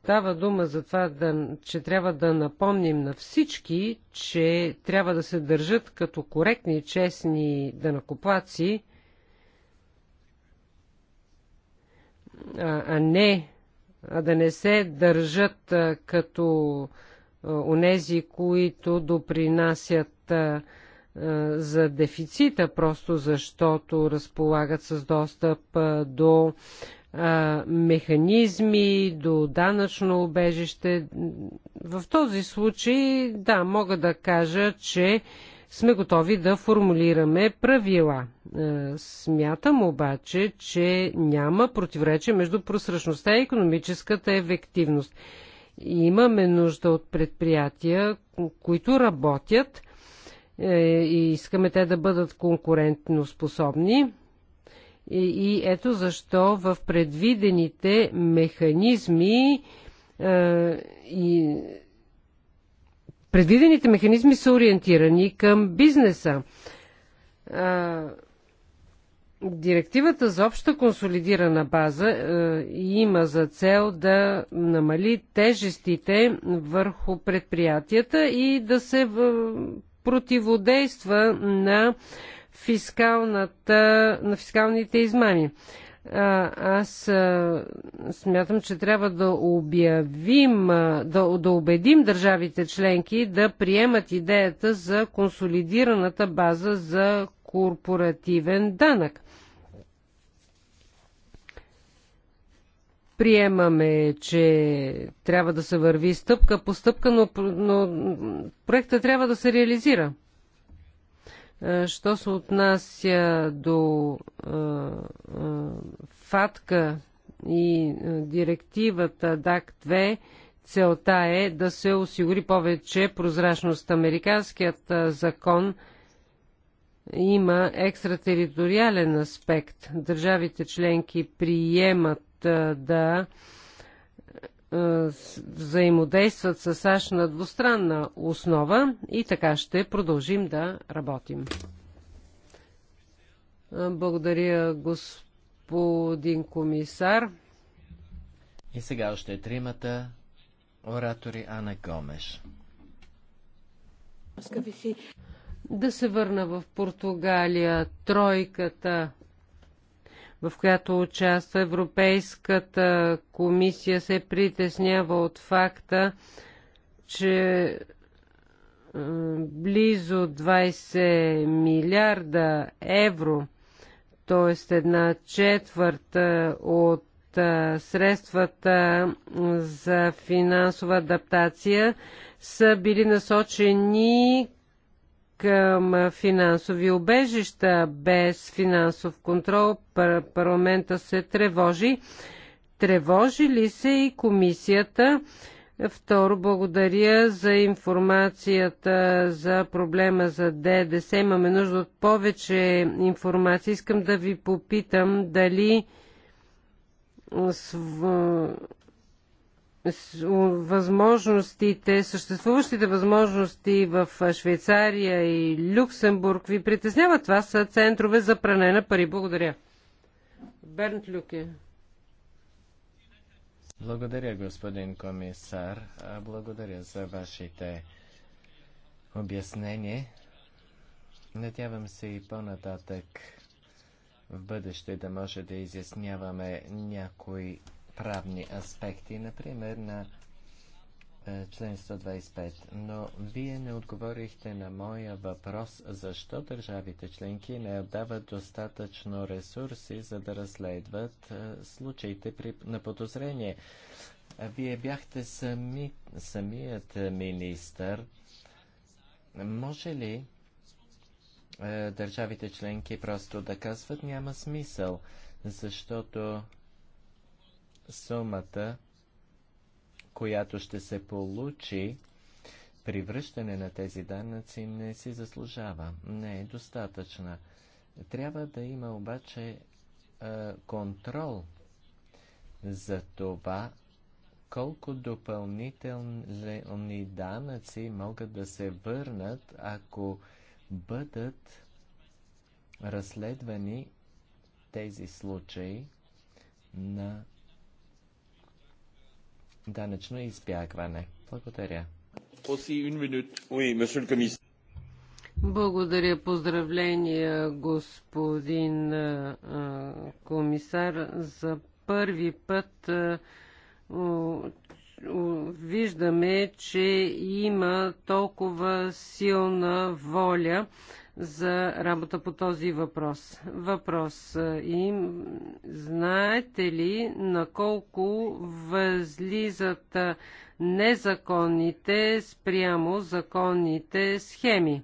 S3: става дума за това, да, че трябва да напомним на всички, че трябва да се държат като коректни и честни дънакоплаци. а, а не а да не се държат а, като а, онези, които допринасят а, а, за дефицита, просто защото разполагат с достъп а, до а, механизми, до данъчно обежище. В този случай, да, мога да кажа, че сме готови да формулираме правила. Смятам обаче, че няма противоречие между просрочността и економическата ефективност. Имаме нужда от предприятия, които работят е, и искаме те да бъдат конкурентно способни, е, и ето защо в предвидените механизми е, и предвидените механизми са ориентирани към бизнеса. Е, директивата за обща консолидирана база има за цел да намали тежестите върху предприятията и да се противодейства на фискалната, на фискалните измами. А, аз а, смятам, че трябва да обявим, а, да, да убедим държавите членки да приемат идеята за консолидираната база за корпоративен данък. приемаме, че трябва да се върви стъпка по стъпка, но, но проекта трябва да се реализира. Е, що се отнася до е, е, ФАТКА и директивата ДАК-2, целта е да се осигури повече прозрачност. Американският закон има екстратериториален аспект. Държавите членки приемат да е, взаимодействат с САЩ на двустранна основа и така ще продължим да работим. Е, благодаря, господин комисар.
S2: И сега още тримата оратори Ана Гомеш.
S3: Да се върна в Португалия. Тройката в която участва Европейската комисия, се притеснява от факта, че е, близо 20 милиарда евро, т.е. една четвърта е, от е, средствата за финансова адаптация са били насочени към финансови обежища без финансов контрол. Пар парламента се тревожи. Тревожи ли се и комисията? Второ, благодаря за информацията за проблема за ДДС. Имаме нужда от повече информация. Искам да ви попитам дали възможностите, съществуващите възможности в Швейцария и Люксембург ви притеснява? Това са центрове за пране на пари. Благодаря. Бернт Люке.
S2: Благодаря, господин комисар. Благодаря за вашите обяснения. Надявам се и по-нататък в бъдеще да може да изясняваме някои правни аспекти, например на е, член 125. Но вие не отговорихте на моя въпрос, защо държавите членки не отдават достатъчно ресурси, за да разследват е, случаите при, на подозрение. Вие бяхте сами, самият министър. Може ли е, държавите членки просто да казват няма смисъл, защото сумата, която ще се получи при връщане на тези данъци, не си заслужава. Не е достатъчна. Трябва да има обаче контрол за това, колко допълнителни данъци могат да се върнат, ако бъдат разследвани тези случаи на данъчно избягване. Благодаря.
S3: Благодаря. Поздравления, господин а, комисар. За първи път а, о, о, виждаме, че има толкова силна воля за работа по този въпрос. Въпрос им. Знаете ли на колко възлизат незаконните спрямо законните схеми?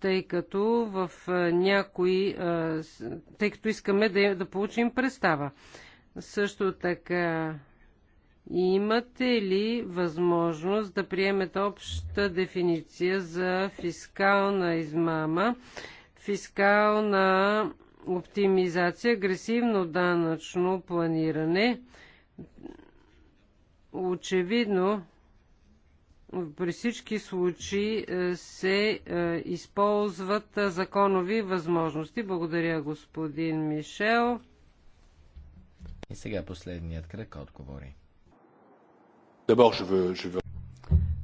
S3: Тъй като в някои, тъй като искаме да, да получим представа. Също така Имате ли възможност да приемете обща дефиниция за фискална измама, фискална оптимизация, агресивно данъчно планиране? Очевидно, при всички случаи е, се е, използват е, законови възможности. Благодаря, господин Мишел.
S2: И сега последният кръг отговори. D'abord, je veux, je veux...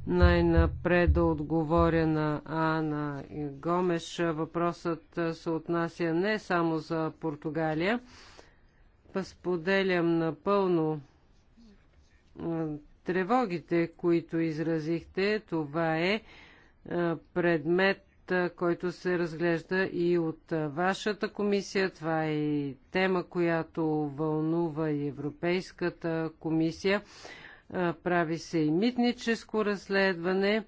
S3: Най-напред да отговоря на Ана Гомеш. Въпросът се отнася не само за Португалия. Споделям напълно тревогите, които изразихте. Това е предмет който се разглежда и от вашата комисия. Това е тема, която вълнува и Европейската комисия прави се и митническо разследване.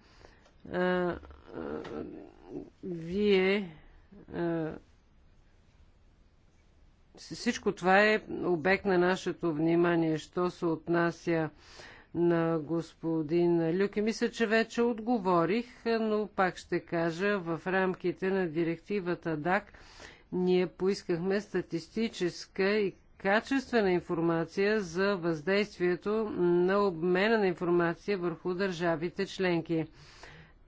S3: Вие всичко това е обект на нашето внимание, що се отнася на господин Люки. Мисля, че вече отговорих, но пак ще кажа, в рамките на директивата ДАК ние поискахме статистическа и качествена информация за въздействието на обмена на информация върху държавите членки.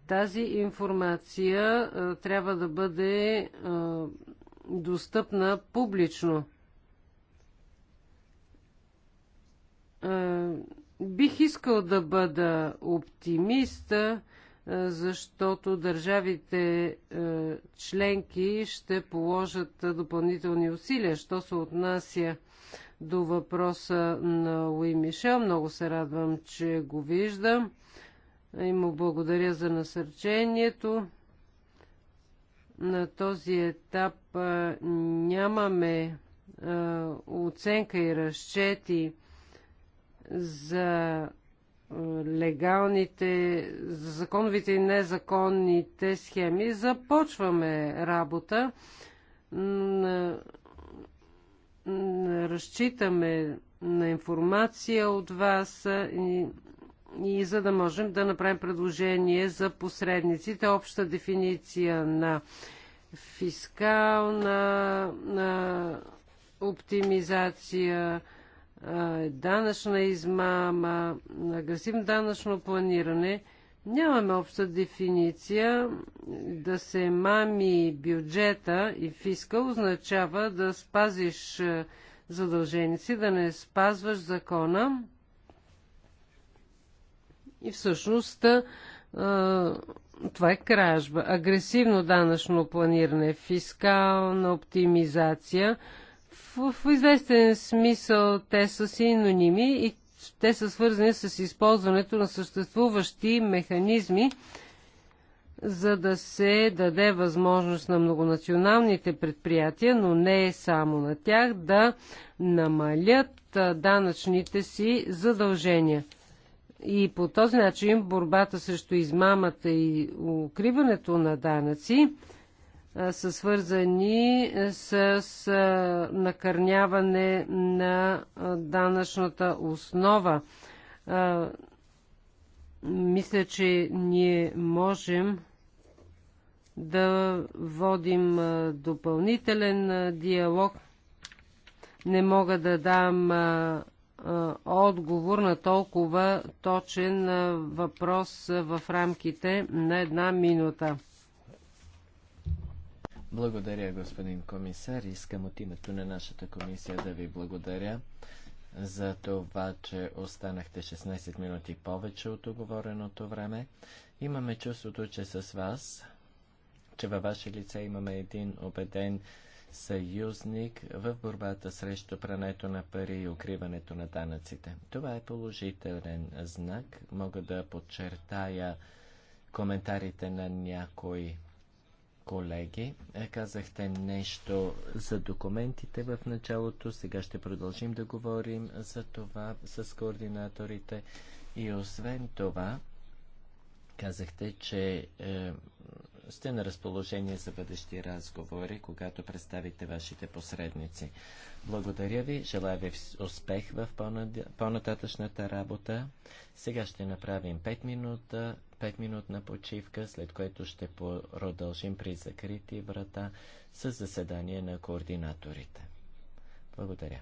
S3: Тази информация а, е, трябва да бъде а, е, достъпна публично. А, е, бих искал да бъда оптимист, защото държавите членки ще положат допълнителни усилия, що се отнася до въпроса на Луи Мишел. Много се радвам, че го виждам и му благодаря за насърчението. На този етап нямаме оценка и разчети за легалните, за законовите и незаконните схеми. Започваме работа разчитаме на информация от вас и, и за да можем да направим предложение за посредниците, обща дефиниция на фискална на оптимизация, данъчна измама, агресивно данъчно планиране – Нямаме обща дефиниция. Да се мами бюджета и фиска означава да спазиш си, е, да не спазваш закона. И всъщност е, това е кражба. Агресивно данъчно планиране, фискална оптимизация. В, в известен смисъл те са синоними и те са свързани с използването на съществуващи механизми, за да се даде възможност на многонационалните предприятия, но не само на тях, да намалят данъчните си задължения. И по този начин борбата срещу измамата и укриването на данъци са свързани с накърняване на данъчната основа. Мисля, че ние можем да водим допълнителен диалог. Не мога да дам отговор на толкова точен въпрос в рамките на една минута.
S2: Благодаря, господин комисар. Искам от името на нашата комисия да ви благодаря за това, че останахте 16 минути повече от оговореното време. Имаме чувството, че с вас, че във ваше лице имаме един убеден съюзник в борбата срещу прането на пари и укриването на данъците. Това е положителен знак. Мога да подчертая коментарите на някои колеги. Е, казахте нещо за документите в началото. Сега ще продължим да говорим за това с координаторите. И освен това, казахте, че е, сте на разположение за бъдещи разговори, когато представите вашите посредници. Благодаря ви, желая ви успех в по-нататъчната работа. Сега ще направим 5 минута 5-минутна почивка, след което ще продължим при закрити врата с заседание на координаторите. Благодаря.